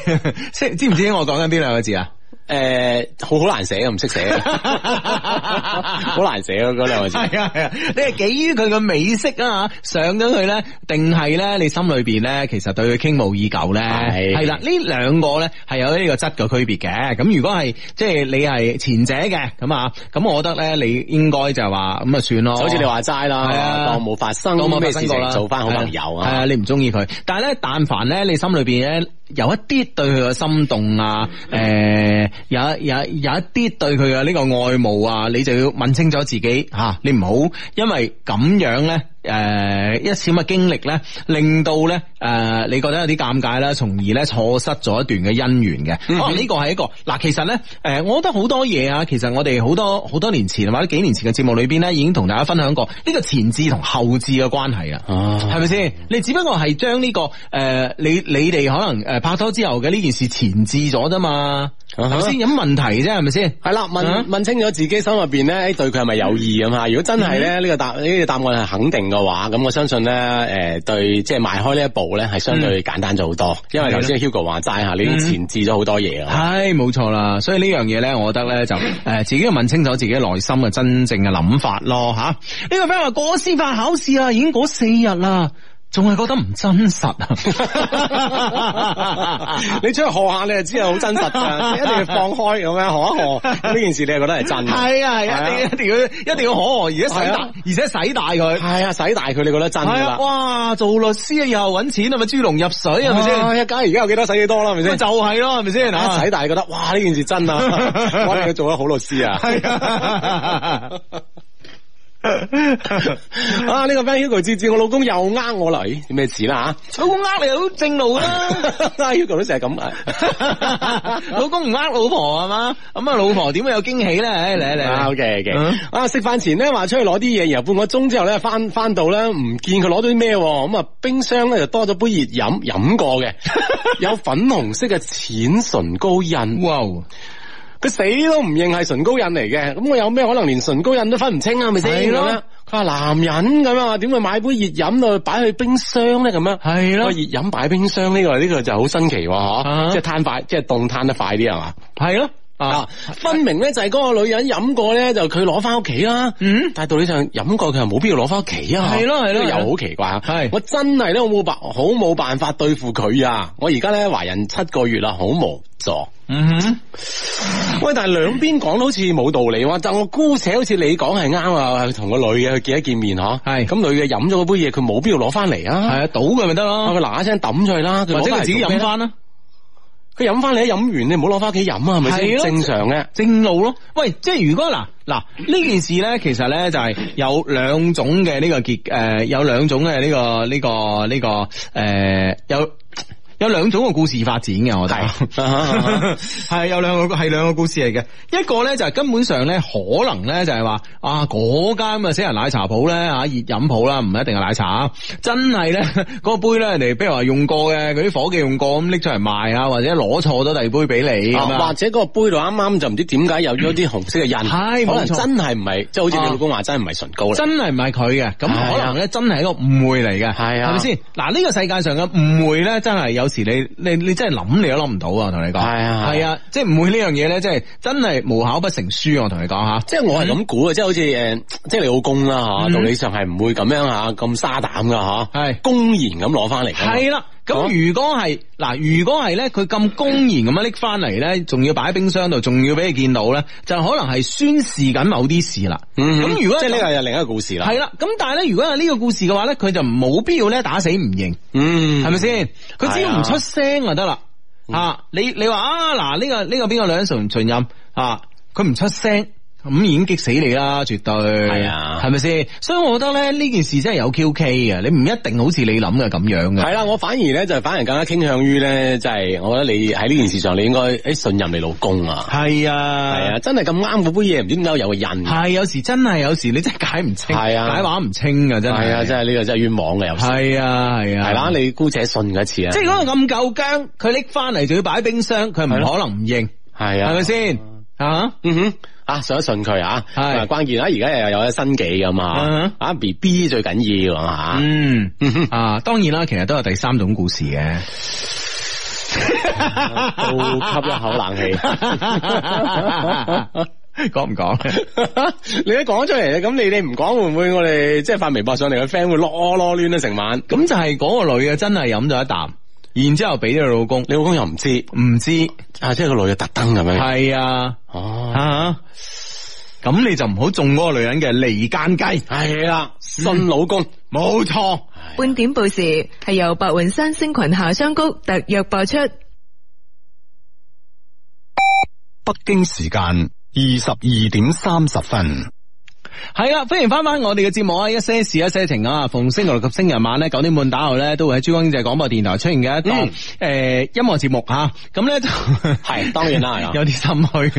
A: 識 知唔知我講緊邊兩個字啊？誒，好好、呃、難寫 啊，唔識寫，好難寫啊！嗰兩個字係啊係啊，你係基於佢嘅美色啊上咗佢咧，定係咧你心裏邊咧，其實對佢傾慕已久咧？係係啦，呢兩、啊、個咧係有呢個質嘅區別嘅。咁如果係即係你係前者嘅，咁啊，咁我覺得咧你應該就係話咁啊，算咯。好似你話齋啦，當冇發生，冇咩事情，做翻好朋友啊，啊。你唔中意佢，但係咧，但凡咧，你心裏邊咧。有一啲對佢嘅心動啊，誒、呃，有有有一啲對佢嘅呢個愛慕啊，你就要問清楚自己吓、啊，你唔好，因為咁樣咧。誒、呃，一次嘅經歷咧，令到咧誒、呃，你覺得有啲尷尬啦，從而咧錯失咗一段嘅姻緣嘅。可能呢個係一個，嗱，其實咧，誒，我覺得好多嘢啊，其實我哋好多好多年前或者幾年前嘅節目裏邊咧，已經同大家分享過呢、這個前置同後置嘅關係啊，係咪先？你只不過係將呢、這個誒、呃，你你哋可能誒拍拖之後嘅呢件事前置咗啫嘛。頭先、啊、有問題啫，係咪先？係啦，問、啊、問，問清楚自己心入邊咧，對佢係咪有意咁啊？嗯、如果真係咧，呢個答呢個答案係肯定嘅話，咁、嗯、我相信咧，誒、呃，對，即係邁開呢一步咧，係相對簡單咗好多。嗯、因為頭先 Hugo 話齋吓，你已經前置咗好多嘢啊。係、嗯，冇錯啦。所以呢樣嘢咧，我覺得咧就，誒，自己要問清楚自己內心嘅真正嘅諗法咯，吓、啊。呢 個 friend 話過司法，司法考試啊，已經過四日啦。仲係覺得唔真實啊！ 你出去學下，你就知係好真實噶，你一定要放開咁樣學一學。呢件事你係覺得係真，係 啊係，你、啊、一定要一定要學而且使大，而且使大佢，係 啊使大佢，啊、大你覺得真噶、啊、哇，做律師又搵錢，咪豬籠入水係咪先？一家而家有幾多使幾、啊、多啦，係咪先？就係、是、咯，係咪先嗱？使、 啊、大覺得哇，呢件事真啊！我 哋做咗好律師啊！ 啊！呢、這個 Ben Hugo 字字，我老公又呃我嚟，咩、哎、事啦、啊、吓？老公呃你好正路啦，Hugo 都成日咁， 老公唔呃老婆係嘛？咁啊，老婆點會有驚喜咧？嚟嚟，OK OK 啊，食飯、啊、前咧話出去攞啲嘢，然後半個鐘之後咧翻翻到啦，唔見佢攞咗啲咩？咁啊，冰箱咧就多咗杯熱飲，飲過嘅， 有粉紅色嘅淺唇膏印。Wow. 佢死都唔認係唇膏印嚟嘅，咁我有咩可能連唇膏印都分唔清啊？咪死係咯，佢話男人咁啊，點會買杯熱飲度擺去冰箱咧？咁樣係咯，熱飲擺冰箱呢、呢個呢、呢個就好新奇喎，吓，啊、即係攤快，即係凍攤得快啲係嘛？係咯。啊，分明咧就係嗰個女人飲過咧，就佢攞翻屋企啦。嗯，但係道理上飲過佢又冇必要攞翻屋企啊。係咯，係咯，又好奇怪啊。係，我真係咧我冇辦，好冇辦法對付佢啊。我而家咧懷孕七個月啦，好無助。嗯哼，喂，但係兩邊講都好似冇道理啊。就我姑且好似你講係啱啊，同個女嘅去見一見面嗬。係，咁女嘅飲咗嗰杯嘢，佢冇必要攞翻嚟啊。係啊，倒佢咪得咯，佢嗱一聲抌出去啦，或者佢自己飲翻啦。佢飲翻嚟，一飲完你唔好攞翻屋企飲啊，係咪先？正常嘅正，正路咯。喂，即係如果嗱嗱呢件事咧，其實咧就係、是、有兩種嘅呢、這個結，誒、呃、有兩種嘅呢、這個呢、這個呢個誒有。有兩種個故事發展嘅，我哋係有兩個係兩個故事嚟嘅。一個咧就係根本上咧可能咧就係話啊嗰間嘅死人奶茶鋪咧吓熱飲鋪啦，唔一定係奶茶。真係咧嗰個杯咧人哋比如話用過嘅，嗰啲伙計用過咁拎出嚟賣啊，或者攞錯咗第二杯俾你。或者嗰個杯度啱啱就唔知點解有咗啲紅色嘅印，係可能，真係唔係，即係好似你老公話真係唔係唇膏。真係唔係佢嘅，咁可能咧真係一個誤會嚟嘅，係啊，係咪先？嗱呢個世界上嘅誤會咧，真係有。有時你你你真係諗你都諗唔到啊！同你講係啊，係啊，即係唔會呢樣嘢咧，即係真係無巧不成書啊！我同你講吓、嗯，即係我係咁估啊！即係好似誒，即係你老公啦吓，嗯、道理上係唔會咁樣吓咁沙膽噶吓，係、啊、公然咁攞翻嚟。係啦、啊。樣咁如果係嗱，如果係咧，佢咁公然咁樣拎翻嚟咧，仲要擺喺冰箱度，仲要俾你見到咧，就可能係宣示緊某啲事啦。咁、嗯、哼如果即係呢個又另一個故事啦。係啦，咁但係咧，如果係呢個故事嘅話咧，佢就冇必要咧打死唔認，係咪先？佢只要唔出聲就得啦、嗯。啊，你你話啊嗱，呢、這個呢、這個邊個兩重罪音？啊，佢唔出聲。咁已經激死你啦，絕對係啊，係咪先？所以我覺得咧，呢件事真係有 QK 啊！你唔一定好似你諗嘅咁樣嘅。係啦，我反而咧就反而更加傾向於咧，即係我覺得你喺呢件事上，你應該誒信任你老公啊。係啊，係啊，真係咁啱嗰杯嘢，唔知點解有個人。係有時真係，有時你真係解唔清，啊，解話唔清啊！真係啊，真係呢個真係冤枉嘅有時。係啊，係啊，係啦，你姑且信一次啊。即係嗰個咁舊薑，佢拎翻嚟，仲要擺冰箱，佢唔可能唔認。係啊，係咪先吓？嗯哼。啊，信一信佢是啊，係關鍵啦！而家又有新技㗎嘛，uh huh. 啊 B B 最緊要㗎嘛，嗯，啊當然啦，其實都有第三種故事嘅，都吸一口冷氣，講唔講？你一講出嚟，咁你哋唔講會唔會我哋即係發微博上嚟嘅 friend 會囉囉攣啊成晚？咁就係嗰個女嘅真係飲咗一啖。然之後俾咗老公，你老公又唔知，唔知啊，即係個女嘅特登咁樣。係啊，啊，咁、啊、你就唔好中嗰個女人嘅離間計。係啦、啊，新老公，冇錯。
B: 半點報時係由白雲山星群夏桑菊
A: 特約播出。北京時間二十二點三十分。係啦，歡迎翻翻我哋嘅節目啊！一些事，一些情啊，逢星期六及星期日晚咧九點半打後咧，都會喺珠江經濟廣播電台出現嘅一檔誒、嗯欸、音樂節目吓。咁、啊、咧就係當然啦，有啲心虛，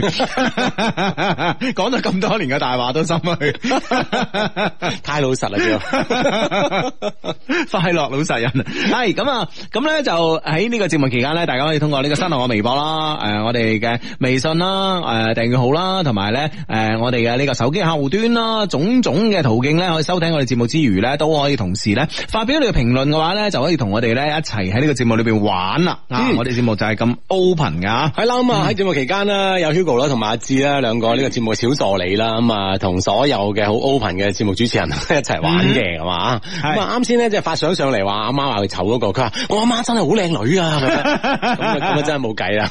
A: 講咗咁多年嘅大話都心虛， 太老實啦， 快樂老實人。係咁啊，咁咧就喺呢個節目期間咧，大家可以通過呢個新浪微博啦，誒、 呃、我哋嘅微信啦，誒訂閱號啦，同埋咧誒我哋嘅呢個手機客戶端啦。啊，種種嘅途徑咧，可以收聽我哋節目之餘咧，都可以同時咧，發表你嘅評論嘅話咧，就可以同我哋咧一齊喺呢個節目裏邊玩啦。嗯、啊，我哋節目就係咁 open 噶。係啦、嗯，咁啊喺節目期間呢，有 Hugo 啦，同埋阿志啦，兩個呢個節目小助理啦，咁啊同所有嘅好 open 嘅節目主持人一齊玩嘅，係嘛、嗯的？係啊，啱先咧即係發相上嚟話阿媽話佢醜嗰個，佢話我阿媽真係好靚女啊，咁啊 真係冇計啦。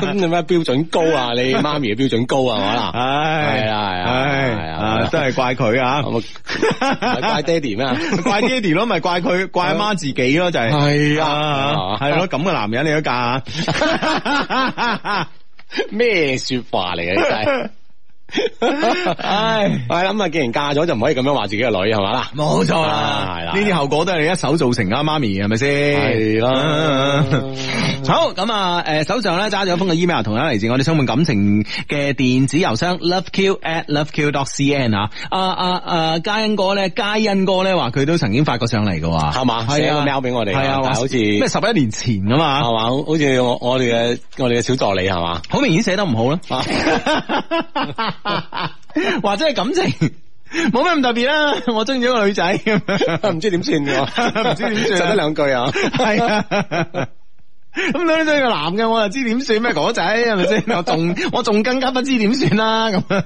A: 咁 你咩標準高啊？你媽咪嘅標準高啊？係嘛？ 係啊係啊。 啊，都係怪佢啊！ 怪爹哋咩？ 怪爹哋咯，咪怪佢，怪阿媽自己咯，就係。係啊，係咯，咁嘅男人你都嫁，咩說話嚟嘅？你真係。 唉，係啦，咁啊，既然嫁咗就唔可以咁樣話自己嘅女係嘛啦，冇錯啦，呢啲錯、啊啊、後果都係你一手造成㗎啊，媽咪係咪先？係咯，好咁啊，誒，手上咧揸咗一封嘅 email，同樣嚟自我哋充滿感情嘅電子郵箱 loveq@loveq.cn a t 啊，阿阿阿嘉欣哥咧，嘉欣哥咧話佢都曾經發過上嚟嘅，係嘛，寫個 mail 俾我哋，係啊，好似咩十一年前啊嘛，係嘛，好似我我哋嘅我哋嘅小助理係嘛，好明顯寫得唔好啦。 啊、或者係感情，冇咩咁特別啦、啊。我中意咗個女仔，唔知點算、啊，唔知點算、啊，實得兩句啊。係 啊，咁女仔個男嘅，我又知點算咩果仔，係咪先？我仲我仲更加不知點算啦。咁、啊，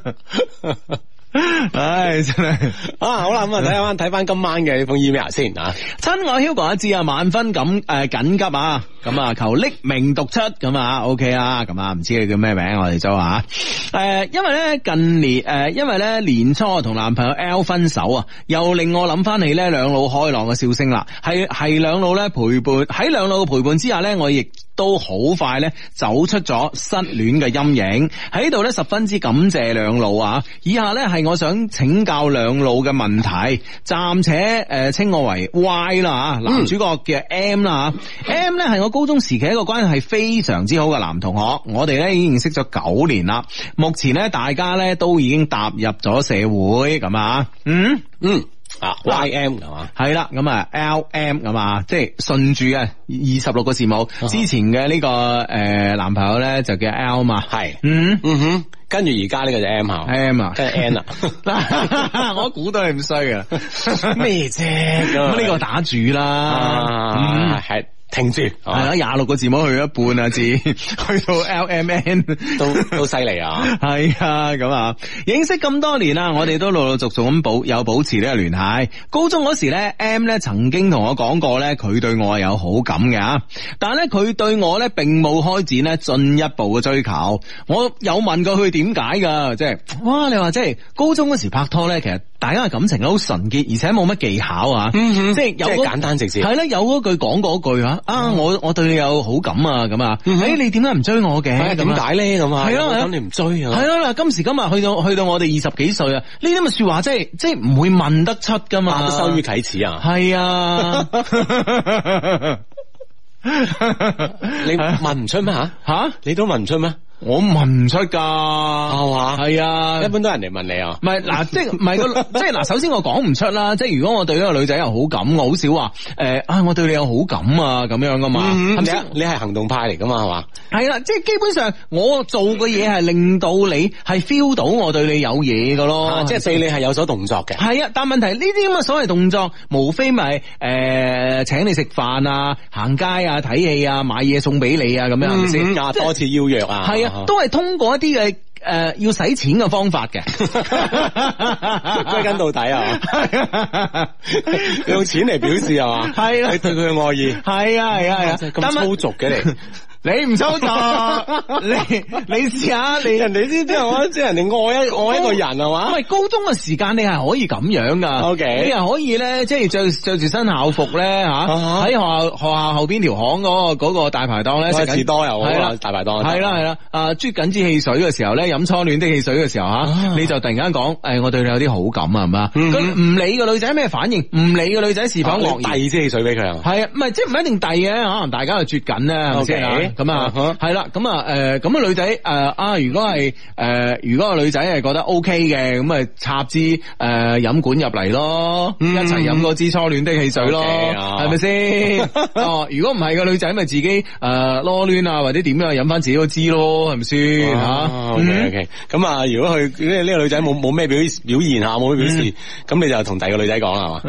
A: 唉，真係、嗯、 啊，好啦，咁啊睇翻睇翻今晚嘅呢封 email 先啊。親愛 Hugo，一知啊，萬分感誒緊急啊！咁啊，求匿名讀出咁啊，O K 啦，咁、okay、啊，唔知你叫咩名，我哋就話誒，因為咧近年，誒、呃，因為咧年初同男朋友 L 分手啊，又令我諗翻起咧兩老開朗嘅笑聲啦，係係兩老咧陪伴，喺兩老嘅陪伴之下咧，我亦都好快咧走出咗失戀嘅陰影，喺度咧十分之感謝兩老啊，以下咧係我想請教兩老嘅問題，暫且誒稱我為 Y 啦吓男主角嘅 M 啦啊、嗯、，M 咧係我。高中時期一個關係非常之好嘅男同學，我哋咧已經認識咗九年啦。目前咧大家咧都已經踏入咗社會咁啊。嗯嗯啊，Y M 係嘛，係啦咁啊，L M 咁啊，即係順住啊二十六個字母。之前嘅呢個誒男朋友咧就叫 L 嘛，係嗯嗯哼，跟住而家呢個就 M 啊 M 啊跟住 N 啦，我估都係咁衰啊。咩啫？咁呢個打住啦，係。停住，係對啊！廿六個字母去咗一半啊。字， 去到 L M N 都 都犀利啊！係啊，咁啊，認識咁多年啦， 我哋都陸陸續續咁保有保持呢個聯繫。高中嗰時咧，M 咧曾經同我講過咧，佢對我係有好感嘅啊，但係咧佢對我咧並冇開展呢進一步嘅追求。我有問過佢點解噶，即係哇，你話即係高中嗰時拍拖咧，其實大家嘅感情咧好純潔，而且冇乜技巧啊，嗯、哼即係有即簡單直接對，係啦對，有嗰句講嗰句啊。啊！我我對你有好感啊，咁、嗯哼欸、啊，誒，你點解唔追我嘅？點解咧？咁啊，係咯，咁你唔追啊？係咯，嗱，今時今日去到去到我哋二十幾歲啊，呢啲咁嘅說話即，即係即係唔會問得出噶嘛？都羞於啟齒啊？係啊， 你問唔出咩？吓吓、 啊，你都問唔出咩？我問唔出噶，係嘛？係啊，一般都係人嚟問你啊。唔係嗱，即係唔係即係嗱。首先我講唔出啦。即係如果我對一個女仔有好感，我好少話誒，啊，我對你有好感啊，咁樣噶嘛。係咪你係行動派嚟噶嘛？係嘛？係啦，即係基本上我做嘅嘢係令到你係 feel 到我對你有嘢嘅咯。即係對你係有所動作嘅。係啊，但問題呢啲咁嘅所謂動作，無非咪誒，請你食飯啊，行街啊，睇戲啊，買嘢送俾你啊，咁樣係咪先？啊，多次邀約啊。係啊。都係通過一啲嘅，誒，要使錢嘅方法嘅，歸 根到底啊， 用錢嚟,表示啊，係啊，你對佢嘅愛意，係啊係啊係啊，咁、啊啊啊啊、粗俗嘅 你。 你唔收窄，你你試下，你人哋先知，我即係人哋愛一愛一個人係嘛？唔係高中嘅時間，你係可以咁樣啊。O K，你又可以咧，即係着着住身校服咧吓，喺學校學校後邊條巷嗰個大排檔咧食士多又係大排檔，係啦係啦，誒啜緊支汽水嘅時候咧，飲初戀啲汽水嘅時候吓，你就突然間講誒，我對你有啲好感啊，係嘛？咁唔理個女仔咩反應，唔理個女仔是否遞第二支汽水俾佢啊，係啊，唔係即係唔一定遞嘅，可能大家就啜緊啦，啊？咁啊，係、嗯、啦，咁啊，誒、嗯，咁啊女仔，誒啊，如果係，誒，如果個女仔係覺得 O K 嘅，咁咪插支誒飲管入嚟咯，嗯、一齊飲嗰支初戀的汽水咯，係咪先？哦，如果唔係個女仔，咪自己誒囉攣啊，或者點樣飲翻自己嗰支咯，係咪先？吓，OK，咁啊，如果佢呢呢個女仔冇冇咩表表現吓，冇咩表示，咁你就同第二個女仔講啦，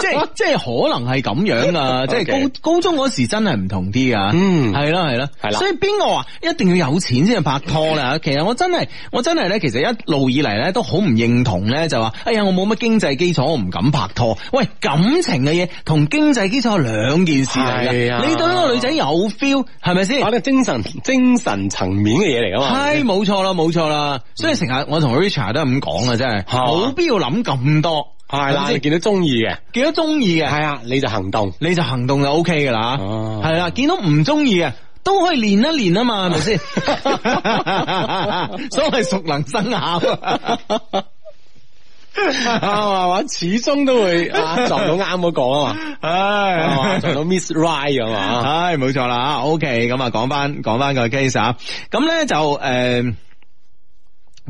A: 即係即係可能係咁樣啊，即係高高中嗰時真係唔同啲啊，嗯。係啦，係啦，係啦，所以邊個話一定要有錢先係拍拖咧？其實我真係我真係咧，其實一路以嚟咧都好唔認同咧，就話哎呀，我冇乜經濟基礎，我唔敢拍拖。喂，感情嘅嘢同經濟基礎係兩件事嚟嘅。的你對個女仔有 feel 係咪先？啊，精神精神層面嘅嘢嚟噶嘛？係冇錯啦，冇錯啦。所以成日我同 Richard 都係咁講啊，真係冇的必要諗咁多。係啦，s, 你見到中意嘅，見到中意嘅，係啊，你就行動，你就行動就 O K 噶啦，係啦、oh.，見到唔中意嘅，都可以練一練啊嘛，係咪先？ 所謂熟能生巧啊嘛， 始終都會撞到啱嗰個啊嘛，唉， 撞到 Miss Right 咁嘛，唉，冇錯啦，OK，咁啊，講翻講翻個 case 啊，咁咧就誒，呃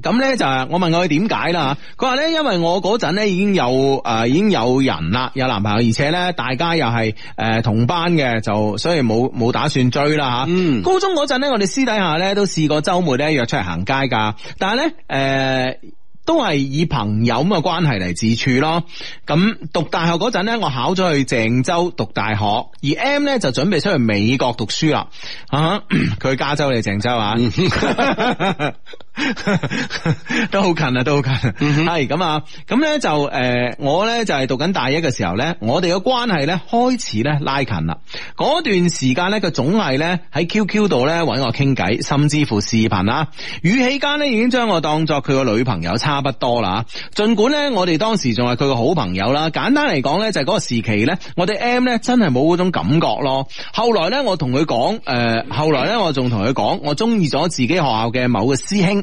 A: 咁咧就係我問我佢點解啦。佢話咧因為我嗰陣咧已經有誒、呃、已經有人啦，有男朋友，而且咧大家又係誒同班嘅，就所以冇冇打算追啦吓。嗯，高中嗰陣咧，我哋私底下咧都試過周末咧約出嚟行街噶但係咧誒都係以朋友咁嘅關係嚟自處咯。咁讀大學嗰陣咧，我考咗去鄭州讀大學，而 M 咧就準備出去美國讀書啦。吓、啊，佢加州定鄭州啊？嗯 都好近啊，都好近。係咁啊，咁、hmm。呢就誒、呃，我呢就係、是、讀緊大一嘅時候呢，我哋嘅關係呢開始呢拉近啦。段時間呢佢總係呢喺 QQ 度呢揾我傾偈，甚至乎視頻啊，語氣間呢已經將我當作佢個女朋友差不多啦。儘管呢我哋當時仲係佢個好朋友啦。簡單嚟講呢就嗰個時期呢我哋 M 呢真係冇嗰種感覺咯。後來呢我同佢講，誒、呃，後來呢我仲同佢講，我中意咗自己學校嘅某個師兄。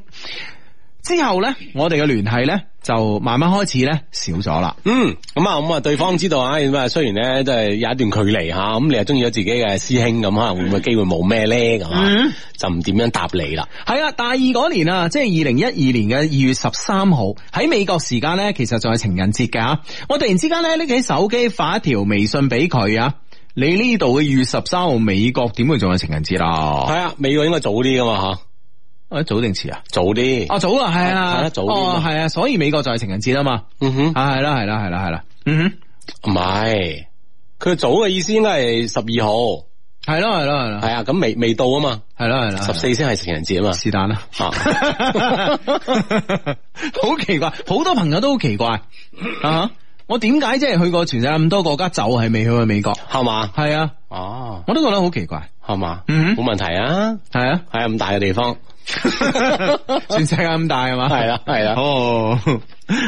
A: 之後呢，我哋嘅聯繫呢，就慢慢開始呢少咗啦。嗯，咁啊，咁啊，對方知道啊，咁雖然呢都係有一段距離吓，咁你又中意咗自己嘅師兄咁吓，會唔會機會冇咩呢？咁啊、嗯？就唔點樣答你啦。係啊，大二嗰年啊，即係二零一二年嘅二月十三號，喺美國時間呢，其實仲係情人節嘅。我突然之間呢，拎起手機發一條微信俾佢啊，你呢度嘅二月十三號美國點會仲係情人節啦？係啊，美國應該早啲噶嘛。我早定遲啊？早啲哦，早啊，係啊，早哦，係啊，所以美國就係情人節啊嘛。嗯哼，係啦，係啦，係啦，係啦。
C: 嗯
A: 哼，唔係佢早嘅意思，應該係十二號，係咯，係咯，係咯。係啊，咁未未到啊嘛，係咯，係咯，十四先係情人節啊嘛，是但啦，好奇怪，好多朋友都好奇怪啊！我點解即係去過全世界咁多國家，就係未去過美國？係嘛，係啊，哦，我都覺得好奇怪，係嘛，嗯哼，冇問題啊，係啊，係啊，咁大嘅地方。
C: 全
A: 世界咁大啊嘛？係啦，係啦，哦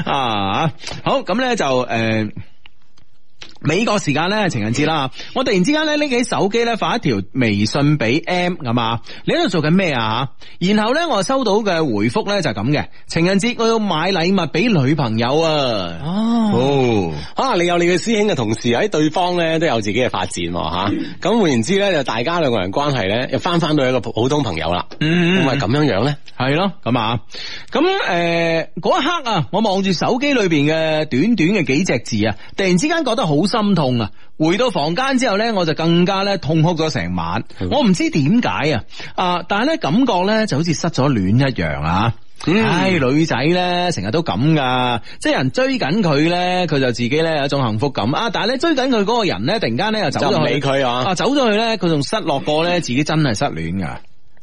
A: 啊，好咁咧就誒。呃美國時間咧情人節啦，我突然之間咧拎起手機咧發一條微信俾 M 咁啊，你喺度做緊咩啊？然後咧我收到嘅回覆咧就係咁嘅，情人節我要買禮物俾女朋友啊！哦，好啦、哦、你有你嘅師兄嘅同事喺對方咧都有自己嘅發展吓，咁、啊、換 言之咧就大家兩個人關係咧又翻翻到一個普通朋友啦，咁咪咁樣呢樣咧？係咯，咁啊，咁誒嗰一刻啊，我望住手機裏邊嘅短短嘅幾隻字啊，突然之間覺得好～心痛啊！回到房間之後咧，我就更加咧痛哭咗成晚。嗯、我唔知點解啊！啊，但係咧感覺咧就好似失咗戀一樣啊！唉、哎，女仔咧成日都咁噶，即係人追緊佢咧，佢就自己咧有一種幸福感啊！但係咧追緊佢嗰個人咧，突然間咧又走咗去，啊走咗、啊、去咧，佢仲失落過咧，自己真係失戀噶。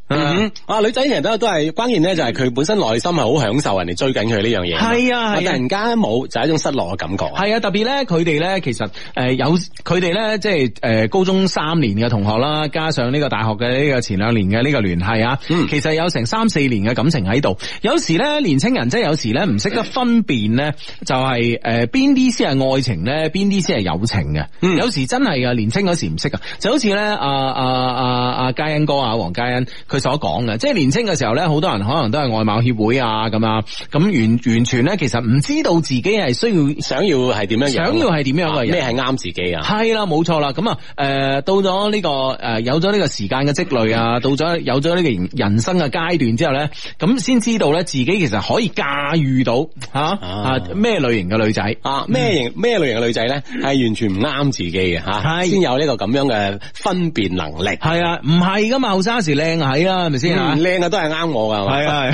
A: 啊、嗯，啊，女仔其實都、啊啊、都係關鍵咧，就係佢本身內心係好享受人哋追緊佢呢樣嘢。係啊，突然間冇就係一種失落嘅感覺。係啊，特別咧，佢哋咧，其實誒有佢哋咧，即係誒高中三年嘅同學啦，加上呢個大學嘅呢、呢個前兩年嘅呢個聯繫啊。Mm. 其實有成三四年嘅感情喺度。有時咧，年青人即係有時咧唔識得分辨咧，就係誒邊啲先係愛情咧，邊啲先係友情嘅。有時真係啊，年青嗰時唔識啊，就好似咧啊啊啊阿嘉欣哥啊，黃嘉欣。佢所講嘅，即係年輕嘅時候咧，好多人可能都係外貌協會啊咁啊，咁完完全咧，其實唔知道自己係需要想要係點樣，樣，想要係點樣嘅人，咩係啱自己啊？係啦，冇錯啦，咁啊，誒，到咗呢個誒，有咗呢個時間嘅積累啊，到咗有咗呢個人生嘅階段之後咧，咁先知道咧，自己其實可以駕馭到吓咩、啊啊、類型嘅女仔啊，咩型咩類型嘅女仔咧，係完全唔啱自己嘅吓，先有呢個咁樣嘅分辨能力。係啊，唔係噶嘛，後生嗰時靚係。係咪先？唔靚啊，都係啱我噶，係啊，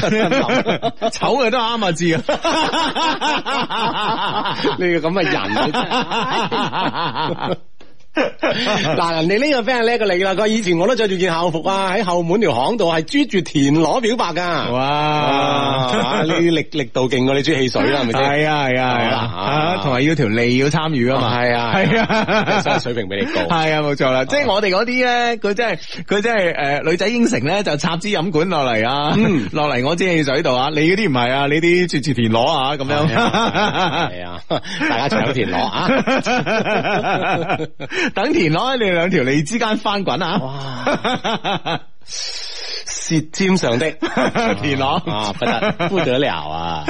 A: 醜嘅都係啱阿字。啊，呢個咁嘅人。 嗱，人哋呢個 friend 叻過你啦！佢以前我都着住件校服啊，喺後門條巷度係捉住田螺表白噶。哇！你力力度勁過你啜汽水啦，係咪先？係啊係啊，係啊，同埋要條脷要參與啊嘛。係啊係啊，真係水平比你高。係啊，冇錯啦。即係我哋嗰啲咧，佢真係佢真係誒，女仔應承咧就插支飲管落嚟啊，落嚟我支汽水度啊。你嗰啲唔係啊，你啲捉住田螺啊咁樣。係啊，大家搶田螺啊！ 等田攞喺你兩條脷之間翻滾啊！哇。 舌尖上的田螺老 啊，不得不得了啊，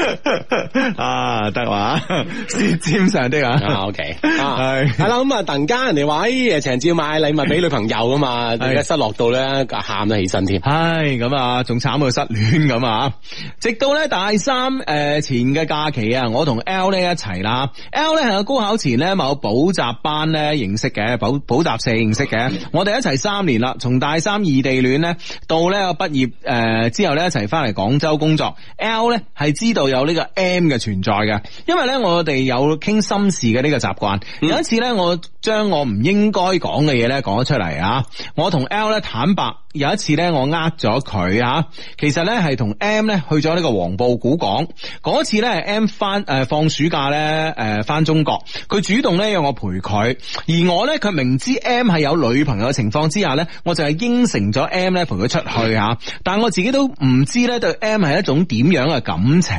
A: 啊得話，舌尖、哎、上的啊，O K，係係啦，咁啊突然間人哋話誒，情人節買禮物俾女朋友噶嘛，而家是失落到咧，喊得起身添，唉，咁啊，仲慘到失戀咁啊，直到咧大三誒、呃、前嘅假期啊，我同 L 咧一齊啦，L 咧係高考前咧某補習班咧認識嘅，補補習社認識嘅，我哋一齊三年啦，從大三異地戀咧到咧不。業誒之後咧一齊翻嚟廣州工作，L 咧係知道有呢個 M 嘅存在嘅，因為咧我哋有傾心事嘅呢個習慣。有一次咧，我將我唔應該講嘅嘢咧講咗出嚟啊！我同 L 咧坦白。有一次咧，我呃咗佢啊，其實咧係同 M 咧去咗呢個黃埔古港。嗰次咧係 M 翻、誒、呃、放暑假咧誒翻中國，佢主動咧讓我陪佢，而我咧佢明知 M 係有女朋友嘅情況之下咧，我就係應承咗 M 咧陪佢出去吓。但係我自己都唔知咧對 M 係一種點樣嘅感情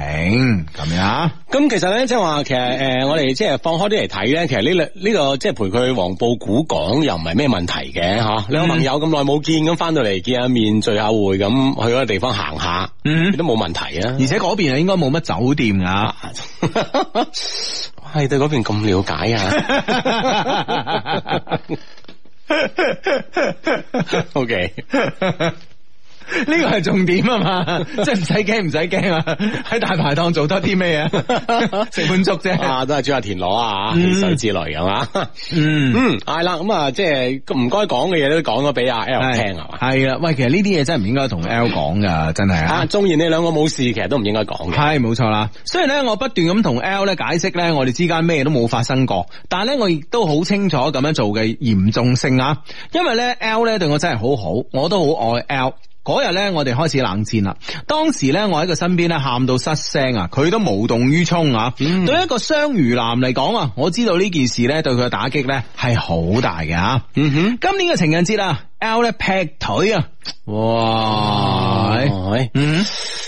A: 咁樣、嗯。咁其實咧即係話，其實誒我哋即係放開啲嚟睇，咧其實呢兩呢個即係陪佢去黃埔古港又唔係咩問題嘅吓。兩個朋友咁耐冇見咁翻到。嚟見下面，聚下會咁，去嗰個地方行下，都冇、嗯、哼問題啊！而且嗰邊啊，應該冇乜酒店啊，係 對嗰邊咁了解啊？O K。 okay. 呢個係重點啊嘛， 即係唔使驚，唔使驚啊！喺大排檔做多啲咩啊？食碗粥啫，都係煮下田螺啊，手之類嘅嘛。嗯，係、嗯、啦，咁、嗯、啊，即係唔該講嘅嘢都講咗俾阿 L 對聽啊。嘛，係啦。喂，其實呢啲嘢真係唔應該同 L 講噶，真係啊。縱然你兩個冇事，其實都唔應該講嘅，係冇錯啦。雖然咧，我不斷咁同 L 咧解釋咧，我哋之間咩都冇發生過，但係咧，我亦都好清楚咁樣做嘅嚴重性啊。因為咧，L 咧對我真係好好，我都好愛 L。嗰日咧，我哋開始冷戰啦。當時咧，我喺佢身邊咧，喊到失聲啊，佢都無動於衷啊。嗯、對一個雙魚男嚟講啊，我知道呢件事咧，對佢嘅打擊咧係好大嘅啊。嗯哼，今年嘅情人節啊，L 咧劈腿啊，哇，嗯，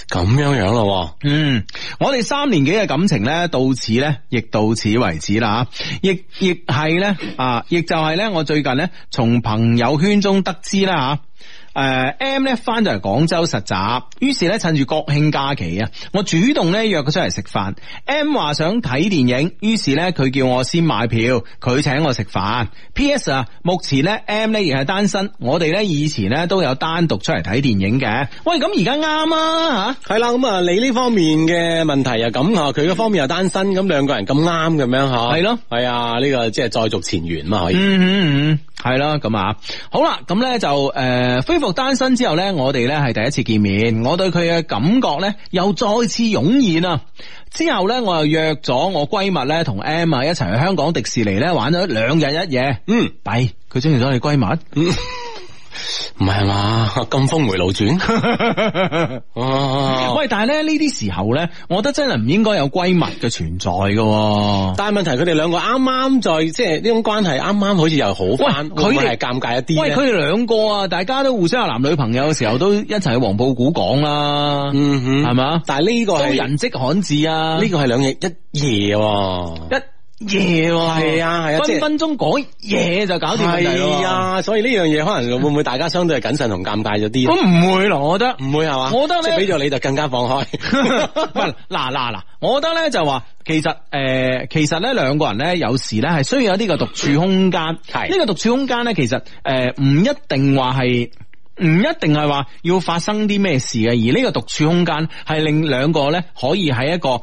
A: 咁樣樣咯。嗯，我哋三年幾嘅感情咧，到此咧，亦到此為止啦。吓，亦亦係咧，啊，亦就係咧，我最近咧，從朋友圈中得知啦，吓。誒，M 咧翻到嚟廣州實習，於是咧趁住國慶假期啊，我主動咧約佢出嚟食飯。M 話想睇電影，於是咧佢叫我先買票，佢請我食飯。P.S 啊，目前咧 M 咧仍係單身，我哋咧以前咧都有單獨出嚟睇電影嘅。喂，咁而家啱啊吓。係啦，咁啊你呢方面嘅問題啊，咁啊佢嗰方面又單身，咁兩個人咁啱咁樣吓。係咯，係啊，呢個即係再續前緣啊嘛，可以。嗯嗯嗯，係啦，咁啊，好啦，咁咧就誒飛。呃獨單身之後咧，我哋咧係第一次見面，我對佢嘅感覺咧又再次湧現啊！之後咧，我又約咗我閨蜜咧同 Emma 一齊去香港迪士尼咧玩咗兩日一夜。嗯，弊，佢中意咗你閨蜜。嗯 唔係嘛，咁峰回路轉 喂，但係咧呢啲時候咧，我覺得真係唔應該有閨蜜嘅存在嘅、啊。但係問題佢哋兩個啱啱在即係呢種關係啱啱好似又好翻，喂會唔會係尷尬一啲喂，佢哋兩個啊，大家都互相有男女朋友嘅時候都一齊去黃埔古港啦，嗯哼，係嘛吧、啊嗯？但係呢個係人跡罕至啊，呢個係兩日一夜、啊、一。嘢係啊係啊，分分鐘講嘢就搞掂問題咯。所以呢樣嘢可能會唔會大家相對係謹慎同尷尬咗啲？咁唔會咯，我覺得唔會係嘛。我覺得即係俾咗你就更加放開。喂，嗱嗱嗱，我覺得咧就話，其實誒，其實咧兩個人咧有時咧係需要有啲個獨處空間。係呢個獨處空間咧，其實誒唔一定話係。唔一定係話要發生啲咩事嘅，而呢個獨處空間係令兩個咧可以喺一個誒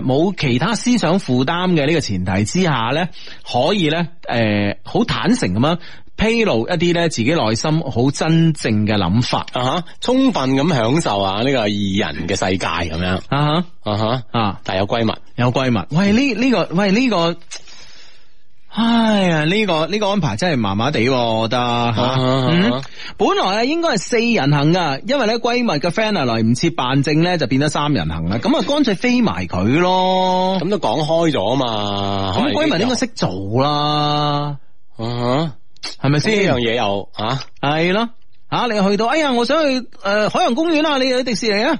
A: 冇、呃、其他思想負擔嘅呢個前提之下咧，可以咧誒好坦誠咁樣披露一啲咧自己內心好真正嘅諗法吓，uh、huh, 充分咁享受啊呢、這個二人嘅世界咁樣啊哈啊哈啊，但係有閨蜜有閨蜜，喂呢呢個喂呢、這個。這個唉呀，呢個呢個安排真係麻麻地，我覺得吓。本來咧應該係四人行噶，因為咧閨蜜嘅 friend 啊來唔切辦證咧就變咗三人行啦。咁啊乾脆飛埋佢咯。咁都講開咗嘛。咁閨蜜應該識做啦。嗯，係咪先呢樣嘢又啊？係咯，吓你去到，哎呀，我想去誒海洋公園啊，你去迪士尼啊。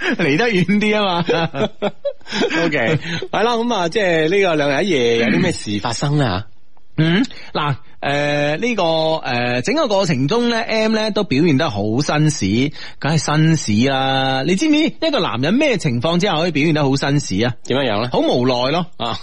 A: 離 得遠啲啊嘛 ，OK，係啦咁啊，即係呢個兩日一夜有啲咩事發生啊？嗯，嗱、 right，誒、嗯、呢、呃這個誒、呃、整個過程中咧，M 咧都表現得好紳士，梗係紳士啊， 你知唔知一個男人咩情況之下可以表現得好紳士啊？點樣樣咧？好無奈咯 啊，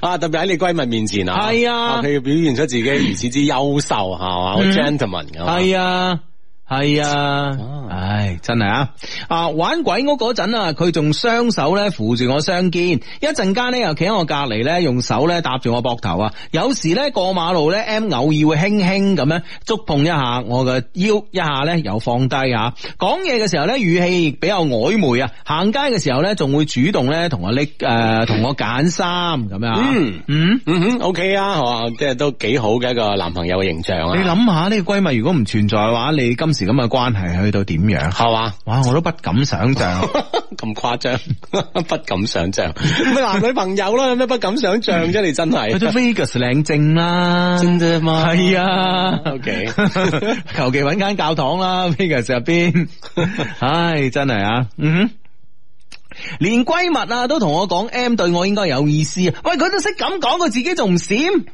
A: 啊特別喺你閨蜜面前啊，係啊，佢要表現出自己如此之優秀吓，好 gentleman 㗎，係啊。啊啊 啊啊啊啊啊係啊，唉，真係啊！啊，玩鬼屋陣啊，佢仲雙手咧扶住我雙肩，一陣間咧又企喺我隔籬咧，用手咧搭住我膊頭啊。有時咧過馬路咧，M 偶爾會輕輕咁樣觸碰一下我嘅腰一下咧，又放低吓。講嘢嘅時候咧，語氣比較曖昧啊。行街嘅時候咧，仲會主動咧同我拎，誒，同，呃、我揀衫咁樣。啊，嗯嗯嗯哼，OK 啊，即係都幾好嘅一個男朋友嘅形象啊。你諗下呢個閨蜜如果唔存在嘅話，你今。時咁嘅關係去到點樣，係嘛吧？哇！我都不敢想象，咁誇張， 不敢想象，咪男女朋友咯，有咩不敢想象啫？你真係，咁 Vegas 領證啦，真嘅嗎？係啊，OK，求其揾間教堂啦，Vegas 入邊，唉，真係啊，嗯哼，連閨蜜啊都同我講 M 對我應該有意思，喂，佢都識咁講，佢自己仲唔閃？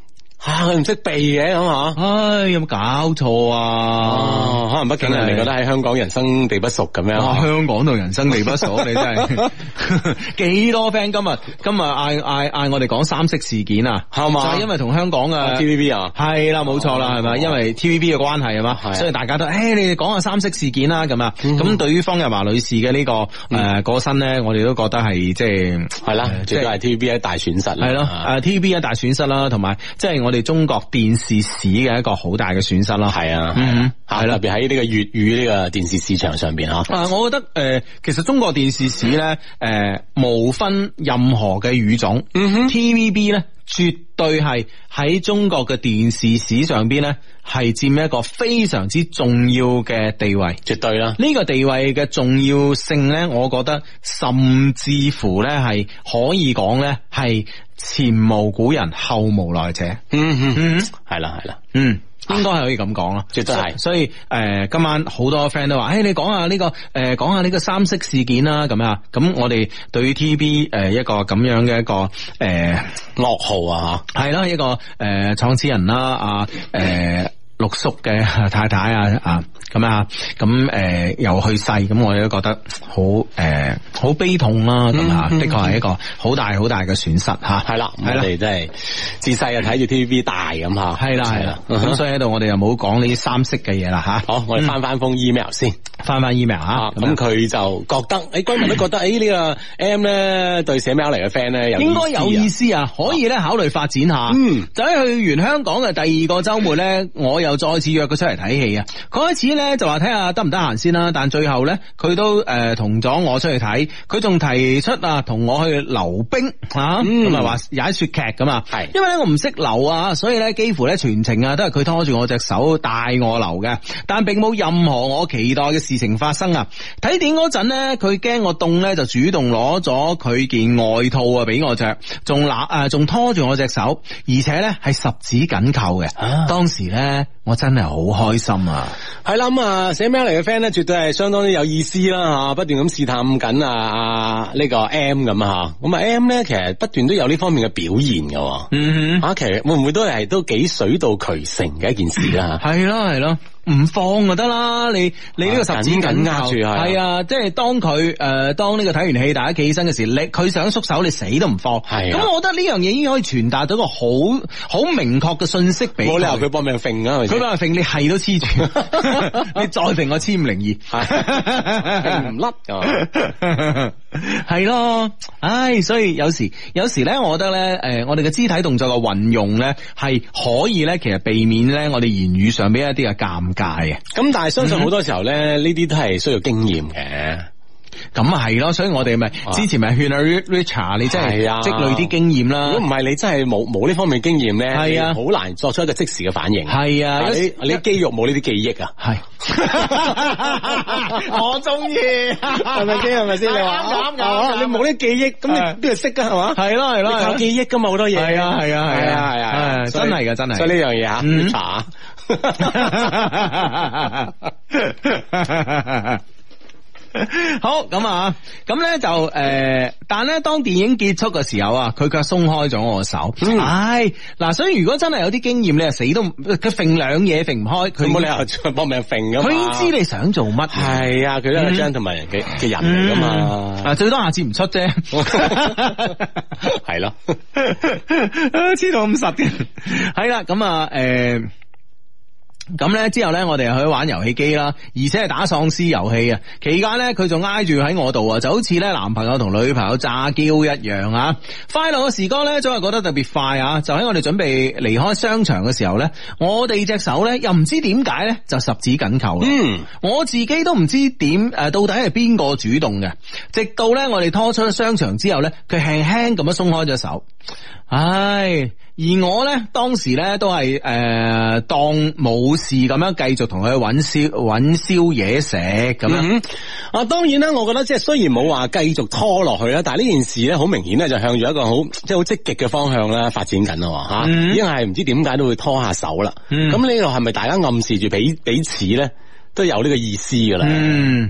A: 吓佢唔識避嘅，咁啊，唉，有冇搞錯啊？可能畢竟人哋覺得喺香港人生地不熟咁樣。香港度人生地不熟，你真係幾多 friend？今日今日嗌嗌嗌我哋講三色事件啊，係嘛？就係因為同香港嘅 T V B 啊，係啦，冇錯啦，係咪？因為 T V B 嘅關係啊嘛，所以大家都誒，你哋講下三色事件啦，咁啊，咁對於方逸華女士嘅呢個誒過身咧，我哋都覺得係即係係啦，即係 T V B 一大損失。係咯，誒，T V B 一大損失啦，同埋即係我。我哋中國電視史嘅一個好大嘅損失咯，係啊，係、嗯、特別喺呢個粵語呢個電視市場上邊吓。啊，我覺得誒、呃，其實中國電視史咧，誒、呃，無分任何嘅語種、嗯、哼，T V B 咧，絕對係喺中國嘅電視史上邊咧，係佔一個非常之重要嘅地位，絕對啦。呢個地位嘅重要性咧，我覺得甚至乎咧係可以講咧係。前無古人後無來者，嗯嗯嗯，係啦係啦，嗯，應該係可以咁講咯，絕對係。所以誒、呃，今晚好多 friend 都話，誒、欸，你講下呢個誒，講下呢個三色事件啦，咁、呃、啊，咁我哋對於 T B 誒一個咁樣嘅一個誒落號啊，係啦，一個誒創、呃、始人啦，啊，誒、呃。 六叔嘅太太啊，啊咁啊，咁誒又去世咁，我 都樂覺得好誒好悲痛啦。咁啊的確係一個好大好大嘅損失吓。係啦，係我哋真係自細啊睇住 TVB 大咁吓。係啦係啦，咁所以喺度我哋又冇講呢啲三色嘅嘢啦吓。好，我哋翻翻封 email 先，翻翻 email 吓。咁佢就覺得誒，居民都覺得誒呢個 M 咧對寫 mail 嚟嘅 friend 咧，應該有意思啊，可以咧考慮發展下。嗯，就喺去完香港嘅第二個周末咧，我又。我再次約佢出嚟睇戲啊！佢開始咧就話睇下得唔得閒先啦，但最後咧佢都誒同咗我出去睇，佢仲提出啊同我去溜冰吓，咁咪話踩雪屐噶嘛？係因為咧我唔識溜啊，所以咧幾乎咧全程啊都係佢拖住我隻手帶我溜嘅，但並冇任何我期待嘅事情發生啊！睇電嗰陣咧，佢驚我凍咧，就主動攞咗佢件外套啊俾我着，仲拿誒仲拖住我隻手，而且咧係十指緊扣嘅，當時咧。我真係好開心啊！係啦，咁啊，寫 mail 嚟嘅 friend 咧，絕對係相當之有意思啦吓，不斷咁試探緊啊啊呢個 M 咁吓，咁啊 M 咧其實不斷都有呢方面嘅表現㗎，嗯哼，啊其實會唔會都係都幾水到渠成嘅一件事啦？係咯係咯。唔放就得啦，你你呢個十指緊握住係，係啊，即係當佢誒，當呢個睇完戲，大家企起身嘅時，你佢想縮手，你死都唔放。係，咁我覺得呢樣嘢已經可以傳達到一個好好明確嘅信息俾佢。冇理由佢搏命揈噶，佢搏命揈，你係都黐住， 你再揈我黐五零二，唔甩噶，係咯， 唉、哎，所以有時有時咧，我覺得咧，誒，我哋嘅肢體動作嘅運用咧，係可以咧，其實避免咧，我哋言語上畀一啲嘅尷界嘅，咁但係相信好多時候咧，呢啲都係需要經驗嘅，咁啊係咯，所以我哋咪之前咪勸阿 Richard，你真係積累啲經驗啦。如果唔係你真係冇冇呢方面經驗咧，係啊，好難作出一個即時嘅反應。係啊，你肌肉冇呢啲記憶啊，係。我中意係咪先？係咪先？你話啱唔啱？你冇呢啲記憶，咁你邊度識噶？係嘛？係咯，係咯，有記憶噶嘛？好多嘢係啊，係啊，係啊，係啊，真係噶，真係。所以呢樣嘢吓查。 好咁啊，咁咧就誒，但咧當電影結束嘅時候啊，佢卻鬆開咗我嘅手。唉、嗯，嗱、哎，所以如果真係有啲經驗，你啊死都佢揈兩嘢揈唔開，佢冇理由搏命揈噶。佢知你想做乜？係啊，佢都一張同埋人嘅嘅人嚟噶嘛。啊、嗯，嗯、 最多下次唔出啫。係 咯 對了，黐到五十嘅。係 啦， 咁啊，誒、欸。咁呢之後呢，我哋去玩遊戲機啦，而且係打喪屍遊戲啊。期間呢，佢仲挨住喺我度啊，就好似呢男朋友同女朋友詐嬌一樣啊。快樂嘅時光呢，總係覺得特別快啊。就喺我哋準備離開商場嘅時候呢，我哋隻手呢又唔知點解呢，就十指緊扣啦。嗯，我自己都唔知點誒，到底係邊個主動嘅。直到呢我哋拖出商場之後呢，佢輕輕咁樣鬆開咗手。唉。而我咧，當時咧都係誒、呃，當冇事咁樣繼續同佢去揾宵揾宵夜食咁啦。啊、嗯，當然啦，我覺得即係雖然冇話繼續拖落去啦，但係呢件事咧好明顯咧就向住一個好即係好積極嘅方向啦發展緊咯吓，啊嗯、已經係唔知點解都會拖下手啦。咁呢度係咪大家暗示住彼彼此咧都有呢個意思噶啦？係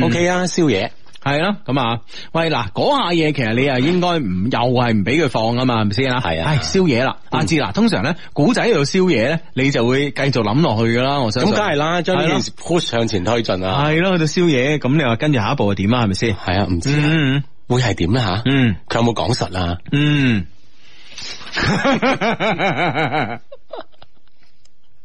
A: 嘛？OK 啊，宵夜。係啦，咁啊，喂嗱，嗰下嘢其實你啊應該唔又係唔俾佢放啊嘛，係咪先啊？係啊，燒嘢啦，阿志嗱，通常咧古仔喺度燒嘢咧，你就會繼續諗落去噶啦，我想咁梗係啦，將件事 push 向前推進啊，係咯，喺度燒嘢，咁你話跟住下一步係點啊？係咪先？係啊，唔知會係點咧吓？嗯，佢有冇講實啊？嗯。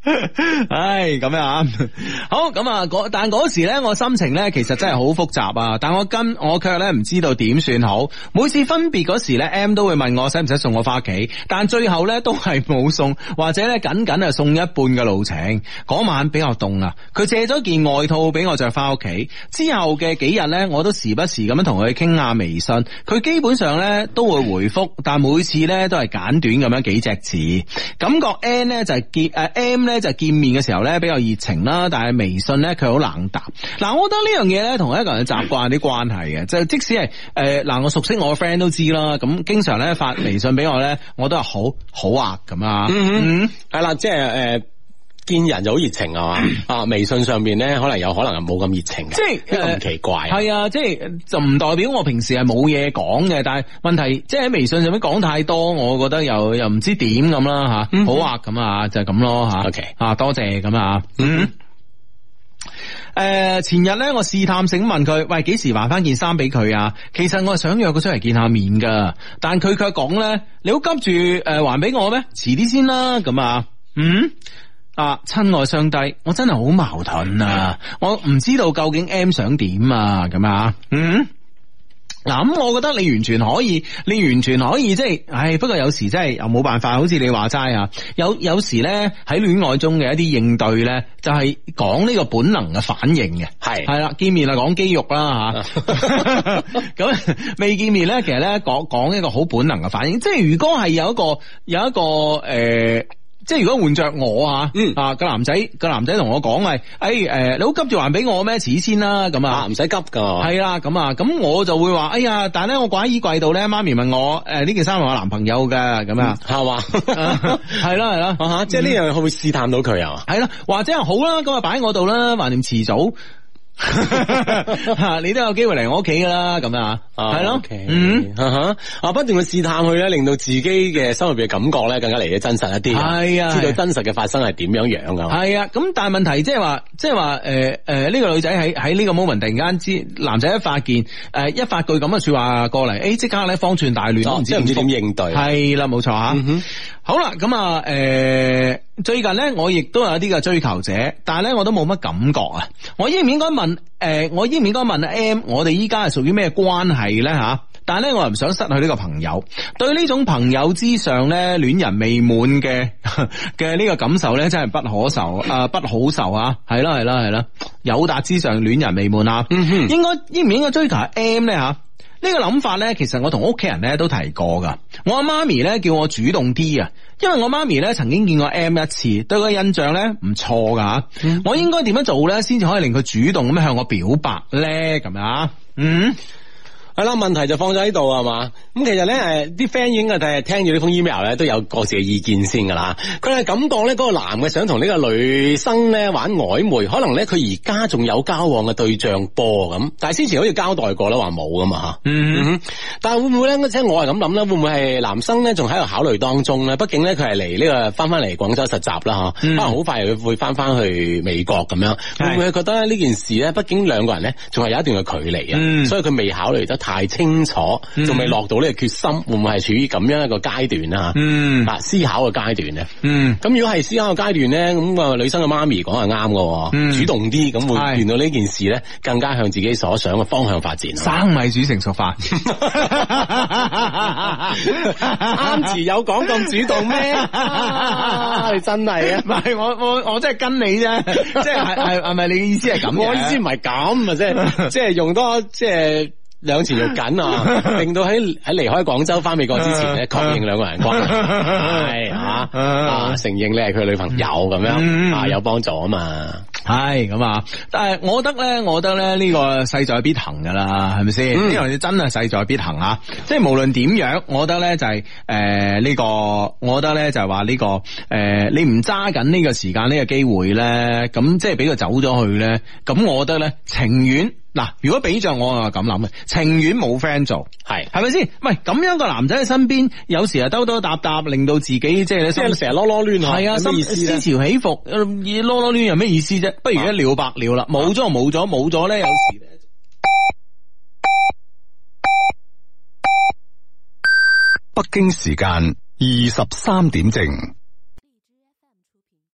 A: 唉，咁樣啊， 好咁啊，但嗰時呢，我心情呢，其實真係好複雜啊。但我跟，我卻呢，唔知道點算好。每次分別嗰時呢 m 都會問我使唔使送我翻屋企，但最後呢，都係冇送，或者呢，僅僅係送一半嘅路程。嗰晚比較凍啊，佢借咗件外套俾我著翻屋企。之後嘅幾日呢，我都時不時咁樣同佢傾下微信，佢基本上呢，都會回覆，但每次呢，都係簡短咁樣幾隻字。感覺 N 呢，就係結啊 M。咧就見面嘅時候咧比較熱情啦，但係微信咧佢好冷淡。嗱、啊，我覺得呢樣嘢咧同一個人嘅習慣有啲關係嘅，就係即使係誒嗱，我熟悉我嘅 friend 都知啦，咁經常咧發微信俾我咧，我都係好好啊咁啊，嗯，嗯，嗯，係啦、嗯嗯，即係誒。即係呃見人就好熱情係嘛？ 啊，微信上面咧可能有可能係冇咁熱情嘅，即係咁、呃、奇怪。係啊，即係就唔代表我平時係冇嘢講嘅，但係問題即係喺微信上面講太多，我覺得又又唔知點咁啦吓。好啊，咁、嗯哼就係、啊就係咁咯吓。OK 啊，多謝咁啊。嗯。誒、嗯哼呃，前日咧我試探性問佢，喂，幾時還翻件衫俾佢啊？其實我係想約佢出嚟見下面噶，但佢卻講咧，你好急住誒還俾我咩？遲啲先啦，咁啊，嗯。嗯啊，親愛上帝，我真係好矛盾啊！我唔知道究竟 M 想點啊？咁啊，嗯，嗱、啊、咁，我覺得你完全可以，你完全可以即係、就是，唉，不過有時真係又冇辦法，好似你話齋啊，有有時咧喺戀愛中嘅一啲應對呢，就係講呢個本能嘅反應嘅，係係啦，見面啊講肌肉啦吓，咁未 見面呢，其實呢，講講一個好本能嘅反應，即係如果係有一個有一個誒。呃即係如果換着我、嗯、啊，啊、那個男仔、那個男仔同我講係，哎誒、呃、你好急住還俾我咩？遲先啦，咁啊唔使急噶，係啦咁啊咁我就會話，哎呀，但係咧我掛喺衣櫃度咧，媽咪問我誒呢、呃、件衫係我男朋友嘅，咁啊係嘛，係啦係啦，即係呢樣係會試探到佢啊，係啦，或者好啦，咁啊擺喺我度啦，橫掂遲早。 你都有機會嚟我屋企噶啦，咁啊，係咯，嗯，啊，不斷去試探佢咧，令到自己嘅心入邊嘅感覺咧更加嚟得真實一啲，係啊，知道真實嘅發生係點樣樣噶，係啊 Yeah, 的，咁但係問題即係話，即係話，誒、呃，誒、呃，呢、這個女仔喺喺呢個 moment 突然間知男仔一發現，誒、呃，一發句咁嘅說話過嚟，誒、哎，即刻咧方寸大亂，唔、哦、知唔知點應對，係啦，冇錯吓，好啦，咁啊，誒、mm hmm. 呃，最近咧我亦都有一啲嘅追求者，但係咧我都冇乜感覺啊，我應唔應該？問誒、呃，我應唔應該問阿 M，我哋依家係屬於咩關係咧吓、啊？但係咧我又唔想失去呢個朋友，對呢種朋友之上咧戀人未滿嘅嘅呢個感受咧真係不可受啊、呃，不好受啊，係啦，係啦，係啦，友達之上戀人未滿啊，嗯、哼應該應唔應該追求 M 咧吓？啊呢個諗法呢，其實我同屋企人呢都提過噶。我阿媽咪呢，叫我主動啲啊，因為我媽咪呢曾經見過 M 一次，對佢印象呢唔錯噶。我應該點樣做呢？先至可以令佢主動咁向我表白呢？咁樣嗯。係啦，問題就放咗喺度啊嘛。咁其實咧，誒、呃，啲 friend 已經誒聽住呢封 email 咧，mail，都有各自嘅意見先噶啦。佢係感覺咧，嗰個男嘅想同呢個女生咧玩曖昧，可能咧佢而家仲有交往嘅對象噃。咁。但係先前好似交代過啦，話冇噶嘛。嗯嗯嗯、但係會唔會咧？即係我係咁諗啦，會唔會係男生咧仲喺度考慮當中咧？畢竟咧佢係嚟呢個翻翻嚟廣州實習啦吓，可能好快又會翻翻去美國咁樣。嗯、佢會唔會覺得呢件事咧？畢竟兩個人咧仲係有一段嘅距離啊，嗯、所以佢未考慮得太。大清楚，仲未落到呢個決心，會唔會係處於咁樣一個階段咧？吓、嗯，啊，思考嘅階段咧。嗯，咁如果係思考嘅階段咧，咁啊，女生嘅媽咪講係啱嘅，嗯、主動啲，咁會令到呢件事咧，更加向自己所想嘅方向發展。生米煮成熟飯，啱詞 有講咁主動咩、 啊？真係啊，唔係我我我真係跟你啫，即係係係咪你嘅意思係咁？ 我意思唔係咁啊，即係即係用多即係。就是就是兩條要緊啊，令到喺喺離開廣州翻美國之前咧，確認兩個人關係係、 哎、啊，啊承認你係佢女朋友咁樣啊，有幫助啊嘛，係咁啊。但係我覺得咧，我覺得咧呢、這個勢在必行噶啦，係咪先？呢樣嘢真係勢在必行啊！即、就、係、是、無論點樣，我覺得咧就係誒呢個，我覺得咧就係話呢個誒、呃，你唔揸緊呢個時間呢、這個機會咧，咁即係俾佢走咗去咧，咁我覺得咧情願。嗱，如果俾着我啊，咁諗嘅，情願冇 friend 做，係係咪先？喂，咁樣個男仔喺身邊，有時啊，兜兜搭搭，令到自己即係即係成日囉囉攣，係啊，心思，思潮起伏，誒，囉囉攣有咩意思啫？不如一了百了啦，冇咗冇咗冇咗咧，有時咧。北京時間二十三點正。